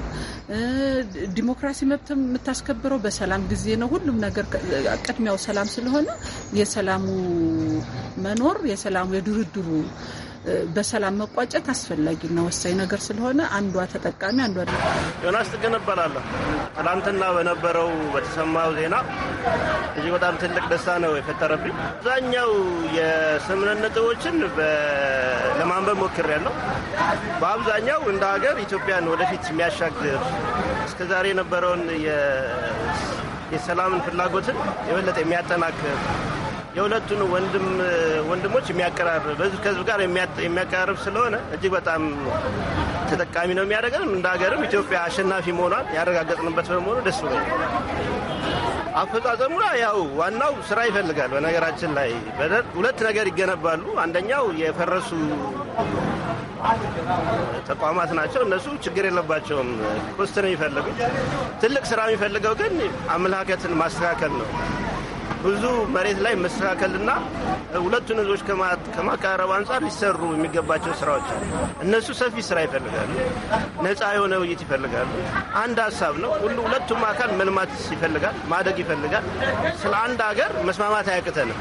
ዲሞክራሲ መብት የምታስከብረው በሰላም ጊዜ ነው። ሁሉም ነገር ቅድሚያው ሰላም ስለሆነ የሰላሙ መኖር የሰላሙ የድርድሩ በሰላም መቋጨት አስፈላጊና ወሳኝ ነገር ስለሆነ አንዷ ተጠቃሚ አንዷ ዮናስ ጥግን እባላለሁ። ትላንትና በነበረው በተሰማው ዜና እጅግ በጣም ትልቅ ደስታ ነው የፈጠረብኝ። አብዛኛው የስምነት ነጥቦችን ለማንበብ ሞክሬያለሁ። በአብዛኛው እንደ ሀገር ኢትዮጵያን ወደፊት የሚያሻግር እስከዛሬ የነበረውን የሰላምን ፍላጎትን የበለጠ የሚያጠናክር የሁለቱን ወንድም ወንድሞች የሚያቀራርብ ከህዝብ ጋር የሚያቀራርብ ስለሆነ እጅግ በጣም ተጠቃሚ ነው የሚያደርገን። እንደ ሀገርም ኢትዮጵያ አሸናፊ መሆኗን ያረጋገጥንበት በመሆኑ ደስ ብሎ አፈጻጸሙ ያው ዋናው ስራ ይፈልጋል። በነገራችን ላይ ሁለት ነገር ይገነባሉ። አንደኛው የፈረሱ ተቋማት ናቸው። እነሱ ችግር የለባቸውም። ኮስት ነው የሚፈልጉት። ትልቅ ስራ የሚፈልገው ግን አመለካከትን ማስተካከል ነው። ብዙ መሬት ላይ መስተካከልና ሁለቱን ህዝቦች ከማቀራረብ አንጻር ሊሰሩ የሚገባቸው ስራዎች እነሱ ሰፊ ስራ ይፈልጋሉ። ነፃ የሆነ ውይይት ይፈልጋሉ። አንድ ሀሳብ ነው። ሁለቱም አካል መልማት ይፈልጋል፣ ማደግ ይፈልጋል። ስለ አንድ ሀገር መስማማት አያቅተንም።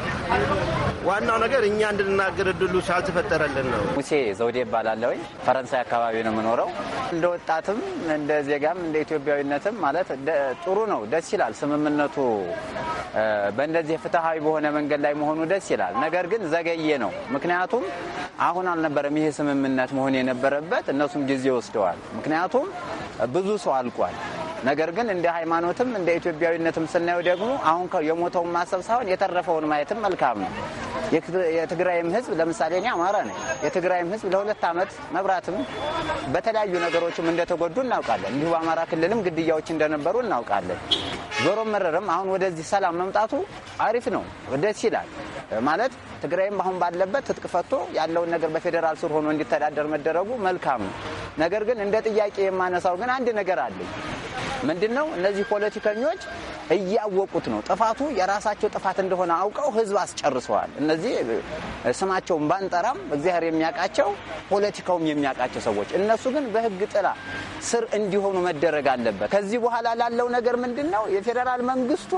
ዋናው ነገር እኛ እንድንናገር እድሉ ሳልተፈጠረልን ነው። ሙሴ ዘውዴ እባላለሁኝ። ፈረንሳይ አካባቢ ነው የምኖረው። እንደ ወጣትም እንደ ዜጋም እንደ ኢትዮጵያዊነትም ማለት ጥሩ ነው፣ ደስ ይላል። ስምምነቱ በእንደዚህ ፍትሐዊ በሆነ መንገድ ላይ መሆኑ ደስ ይላል። ነገር ግን ዘገየ ነው። ምክንያቱም አሁን አልነበረም ይሄ ስምምነት መሆን የነበረበት፣ እነሱም ጊዜ ወስደዋል። ምክንያቱም ብዙ ሰው አልቋል። ነገር ግን እንደ ሃይማኖትም እንደ ኢትዮጵያዊነትም ስናየው ደግሞ አሁን የሞተውን ማሰብ ሳይሆን የተረፈውን ማየትም መልካም ነው። የትግራይም ህዝብ ለምሳሌ እኔ አማራ ነኝ። የትግራይም ህዝብ ለሁለት ዓመት መብራትም በተለያዩ ነገሮችም እንደተጎዱ እናውቃለን። እንዲሁ በአማራ ክልልም ግድያዎች እንደነበሩ እናውቃለን። ዞሮም መረርም አሁን ወደዚህ ሰላም መምጣቱ አሪፍ ነው፣ ደስ ይላል። ማለት ትግራይም አሁን ባለበት ትጥቅ ፈቶ ያለውን ነገር በፌዴራል ስር ሆኖ እንዲተዳደር መደረጉ መልካም ነው። ነገር ግን እንደ ጥያቄ የማነሳው ግን አንድ ነገር አለኝ ምንድን ነው? እነዚህ ፖለቲከኞች እያወቁት ነው ጥፋቱ የራሳቸው ጥፋት እንደሆነ አውቀው ህዝብ አስጨርሰዋል። እነዚህ ስማቸውን ባንጠራም እግዚአብሔር የሚያውቃቸው ፖለቲካውም የሚያውቃቸው ሰዎች፣ እነሱ ግን በህግ ጥላ ስር እንዲሆኑ መደረግ አለበት። ከዚህ በኋላ ላለው ነገር ምንድን ነው የፌዴራል መንግስቱ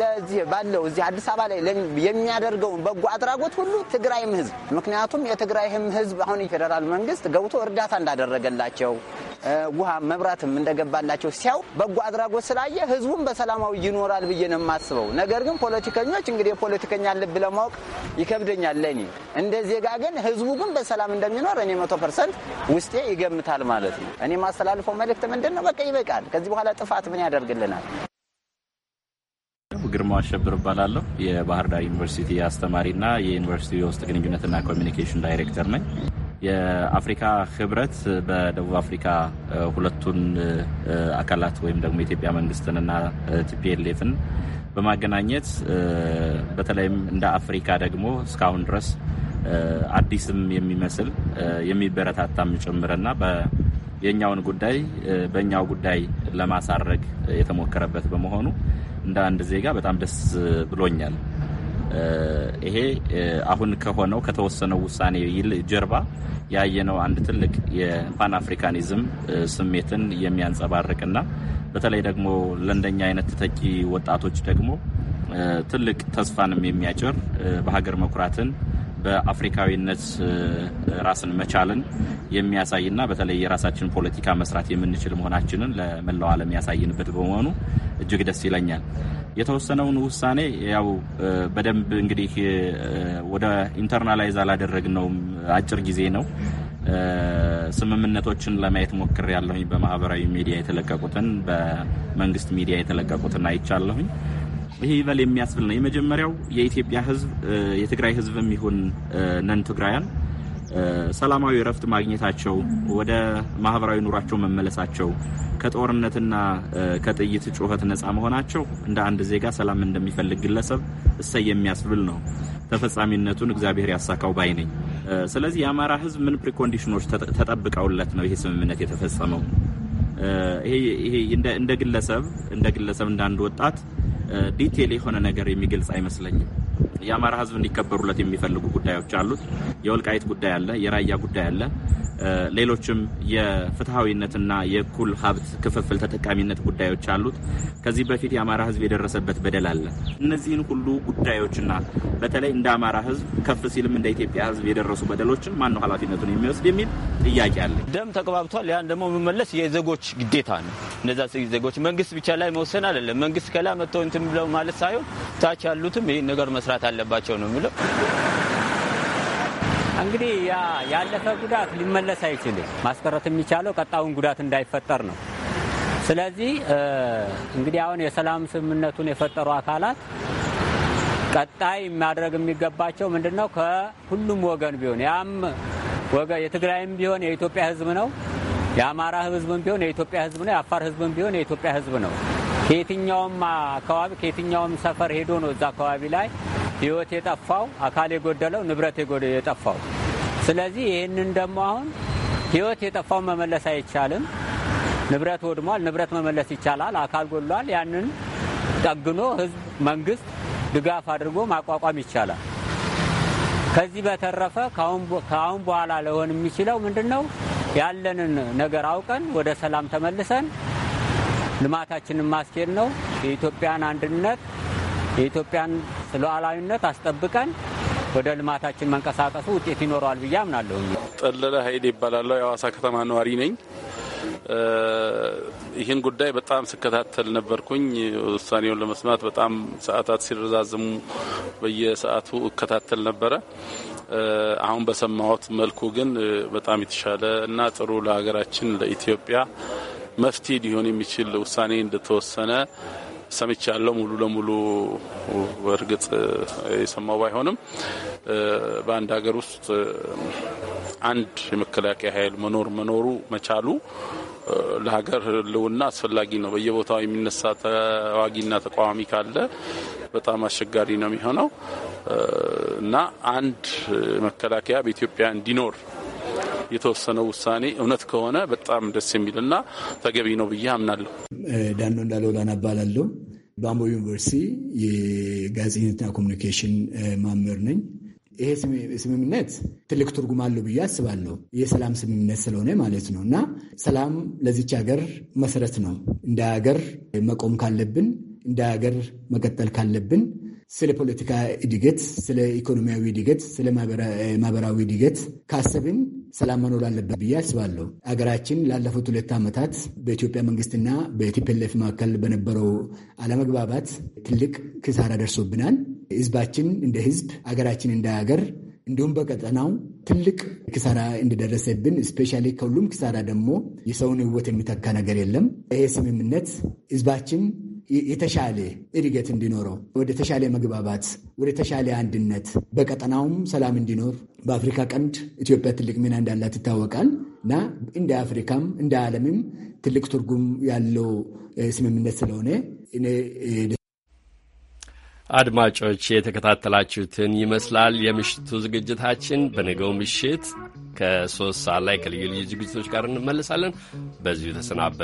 ለዚህ ባለው እዚህ አዲስ አበባ ላይ የሚያደርገውን በጎ አድራጎት ሁሉ ትግራይም ህዝብ ምክንያቱም የትግራይም ህዝብ አሁን የፌዴራል መንግስት ገብቶ እርዳታ እንዳደረገላቸው ውሃ መብራትም እንደገባላቸው ሲያው በጎ አድራጎት ስላየ ህዝቡም በሰላማዊ ይኖራል ብዬ ነው የማስበው። ነገር ግን ፖለቲከኞች እንግዲህ የፖለቲከኛ ልብ ለማወቅ ይከብደኛል ለእኔ እንደ ዜጋ። ግን ህዝቡ ግን በሰላም እንደሚኖር እኔ መቶ ፐርሰንት ውስጤ ይገምታል ማለት ነው። እኔ ማስተላልፈው መልእክት ምንድን ነው? በቃ ይበቃል። ከዚህ በኋላ ጥፋት ምን ያደርግልናል? ግርማ አሸብር እባላለሁ። የባህር ዳር ዩኒቨርሲቲ አስተማሪና የዩኒቨርሲቲ የውስጥ ግንኙነትና ኮሚኒኬሽን ዳይሬክተር ነኝ። የአፍሪካ ህብረት በደቡብ አፍሪካ ሁለቱን አካላት ወይም ደግሞ የኢትዮጵያ መንግስትንና ቲፒኤልኤፍን በማገናኘት በተለይም እንደ አፍሪካ ደግሞ እስካሁን ድረስ አዲስም የሚመስል የሚበረታታም ጭምርና የእኛውን ጉዳይ በእኛው ጉዳይ ለማሳረግ የተሞከረበት በመሆኑ እንደ አንድ ዜጋ በጣም ደስ ብሎኛል። ይሄ አሁን ከሆነው ከተወሰነው ውሳኔ ጀርባ ያየነው አንድ ትልቅ የፓን አፍሪካኒዝም ስሜትን የሚያንጸባርቅና በተለይ ደግሞ ለእንደኛ አይነት ተተኪ ወጣቶች ደግሞ ትልቅ ተስፋንም የሚያጭር በሀገር መኩራትን በአፍሪካዊነት ራስን መቻልን የሚያሳይና በተለይ የራሳችን ፖለቲካ መስራት የምንችል መሆናችንን ለመላው ዓለም ያሳይንበት በመሆኑ እጅግ ደስ ይለኛል። የተወሰነውን ውሳኔ ያው በደንብ እንግዲህ ወደ ኢንተርናላይዝ አላደረግነውም። አጭር ጊዜ ነው። ስምምነቶችን ለማየት ሞክር ያለሁኝ በማህበራዊ ሚዲያ የተለቀቁትን በመንግስት ሚዲያ የተለቀቁትን አይቻለሁኝ። ይህ ይበል የሚያስብል ነው። የመጀመሪያው የኢትዮጵያ ሕዝብ የትግራይ ሕዝብም ይሁን ነን ትግራውያን ሰላማዊ እረፍት ማግኘታቸው፣ ወደ ማህበራዊ ኑሯቸው መመለሳቸው፣ ከጦርነትና ከጥይት ጩኸት ነፃ መሆናቸው እንደ አንድ ዜጋ ሰላም እንደሚፈልግ ግለሰብ እሰይ የሚያስብል ነው። ተፈጻሚነቱን እግዚአብሔር ያሳካው ባይ ነኝ። ስለዚህ የአማራ ህዝብ ምን ፕሪኮንዲሽኖች ተጠብቀውለት ነው ይሄ ስምምነት የተፈጸመው? ይሄ እንደ ግለሰብ እንደ ግለሰብ እንደ አንድ ወጣት ዲቴል የሆነ ነገር የሚገልጽ አይመስለኝም። የአማራ ህዝብ እንዲከበሩለት የሚፈልጉ ጉዳዮች አሉት። የወልቃይት ጉዳይ አለ፣ የራያ ጉዳይ አለ። ሌሎችም የፍትሐዊነትና የእኩል ሀብት ክፍፍል ተጠቃሚነት ጉዳዮች አሉት። ከዚህ በፊት የአማራ ህዝብ የደረሰበት በደል አለ። እነዚህን ሁሉ ጉዳዮችና በተለይ እንደ አማራ ህዝብ ከፍ ሲልም እንደ ኢትዮጵያ ህዝብ የደረሱ በደሎችን ማነው ኃላፊነቱን የሚወስድ የሚል ጥያቄ አለ። ደም ተቀባብቷል። ያን ደግሞ መመለስ የዜጎች ግዴታ ነው። እነዛ ዜጎች መንግስት ብቻ ላይ መወሰን አይደለም። መንግስት ከላይ መጥተው እንትን ብለው ማለት ሳይሆን ታች ያሉትም ይህን ነገር መ መስራት አለባቸው ነው የሚለው። እንግዲህ ያ ያለፈ ጉዳት ሊመለስ አይችልም። ማስቀረት የሚቻለው ቀጣውን ጉዳት እንዳይፈጠር ነው። ስለዚህ እንግዲህ አሁን የሰላም ስምምነቱን የፈጠሩ አካላት ቀጣይ ማድረግ የሚገባቸው ምንድን ነው? ከሁሉም ወገን ቢሆን ያም ወገን የትግራይም ቢሆን የኢትዮጵያ ሕዝብ ነው። የአማራ ሕዝብም ቢሆን የኢትዮጵያ ሕዝብ ነው። የአፋር ሕዝብም ቢሆን የኢትዮጵያ ሕዝብ ነው። ከየትኛውም አካባቢ ከየትኛውም ሰፈር ሄዶ ነው እዛ አካባቢ ላይ ህይወት የጠፋው አካል የጎደለው ንብረት የጠፋው። ስለዚህ ይህንን ደግሞ አሁን ህይወት የጠፋው መመለስ አይቻልም። ንብረት ወድሟል፣ ንብረት መመለስ ይቻላል። አካል ጎድሏል። ያንን ጠግኖ ህዝብ፣ መንግስት ድጋፍ አድርጎ ማቋቋም ይቻላል። ከዚህ በተረፈ ከአሁን በኋላ ለሆን የሚችለው ምንድን ነው? ያለንን ነገር አውቀን ወደ ሰላም ተመልሰን ልማታችንን ማስኬድ ነው። የኢትዮጵያን አንድነት የኢትዮጵያን ሉዓላዊነት አስጠብቀን ወደ ልማታችን መንቀሳቀሱ ውጤት ይኖረዋል ብዬ አምናለሁ። ጠለለ ሀይል ይባላለሁ። የአዋሳ ከተማ ነዋሪ ነኝ። ይህን ጉዳይ በጣም ስከታተል ነበርኩኝ። ውሳኔውን ለመስማት በጣም ሰዓታት ሲረዛዝሙ በየሰዓቱ እከታተል ነበረ። አሁን በሰማሁት መልኩ ግን በጣም የተሻለ እና ጥሩ ለሀገራችን ለኢትዮጵያ መፍትሄ ሊሆን የሚችል ውሳኔ እንደተወሰነ ሰምቻለሁ። ሙሉ ለሙሉ በእርግጥ የሰማው ባይሆንም በአንድ ሀገር ውስጥ አንድ የመከላከያ ኃይል መኖር መኖሩ መቻሉ ለሀገር ሕልውና አስፈላጊ ነው። በየቦታው የሚነሳ ተዋጊና ተቃዋሚ ካለ በጣም አስቸጋሪ ነው የሚሆነው እና አንድ መከላከያ በኢትዮጵያ እንዲኖር የተወሰነው ውሳኔ እውነት ከሆነ በጣም ደስ የሚልና ተገቢ ነው ብዬ አምናለሁ። ዳኖ እንዳለውላን አባላለሁ። በአምቦ ዩኒቨርሲቲ የጋዜጠኝነትና ኮሚኒኬሽን ማምር ነኝ። ይሄ ስምምነት ትልቅ ትርጉም አለው ብዬ አስባለሁ። የሰላም ስምምነት ስለሆነ ማለት ነው እና ሰላም ለዚች ሀገር መሰረት ነው። እንደ ሀገር መቆም ካለብን፣ እንደ ሀገር መቀጠል ካለብን ስለ ፖለቲካ እድገት፣ ስለ ኢኮኖሚያዊ እድገት፣ ስለ ማህበራዊ እድገት ካሰብን ሰላም መኖር አለበት ብዬ አስባለሁ። አገራችን ላለፉት ሁለት ዓመታት በኢትዮጵያ መንግስትና በቲፒኤልኤፍ መካከል በነበረው አለመግባባት ትልቅ ክሳራ ደርሶብናል። ህዝባችን እንደ ህዝብ፣ አገራችን እንደ ሀገር እንዲሁም በቀጠናው ትልቅ ክሳራ እንደደረሰብን እስፔሻሊ ከሁሉም ክሳራ ደግሞ የሰውን ህይወት የሚተካ ነገር የለም። ይሄ ስምምነት ህዝባችን የተሻለ እድገት እንዲኖረው ወደ ተሻለ መግባባት፣ ወደ ተሻለ አንድነት፣ በቀጠናውም ሰላም እንዲኖር በአፍሪካ ቀንድ ኢትዮጵያ ትልቅ ሚና እንዳላት ይታወቃል እና እንደ አፍሪካም እንደ ዓለምም ትልቅ ትርጉም ያለው ስምምነት ስለሆነ አድማጮች የተከታተላችሁትን ይመስላል የምሽቱ ዝግጅታችን። በነገው ምሽት ከሶስት ሰዓት ላይ ከልዩ ልዩ ዝግጅቶች ጋር እንመለሳለን። በዚሁ ተሰናበተ።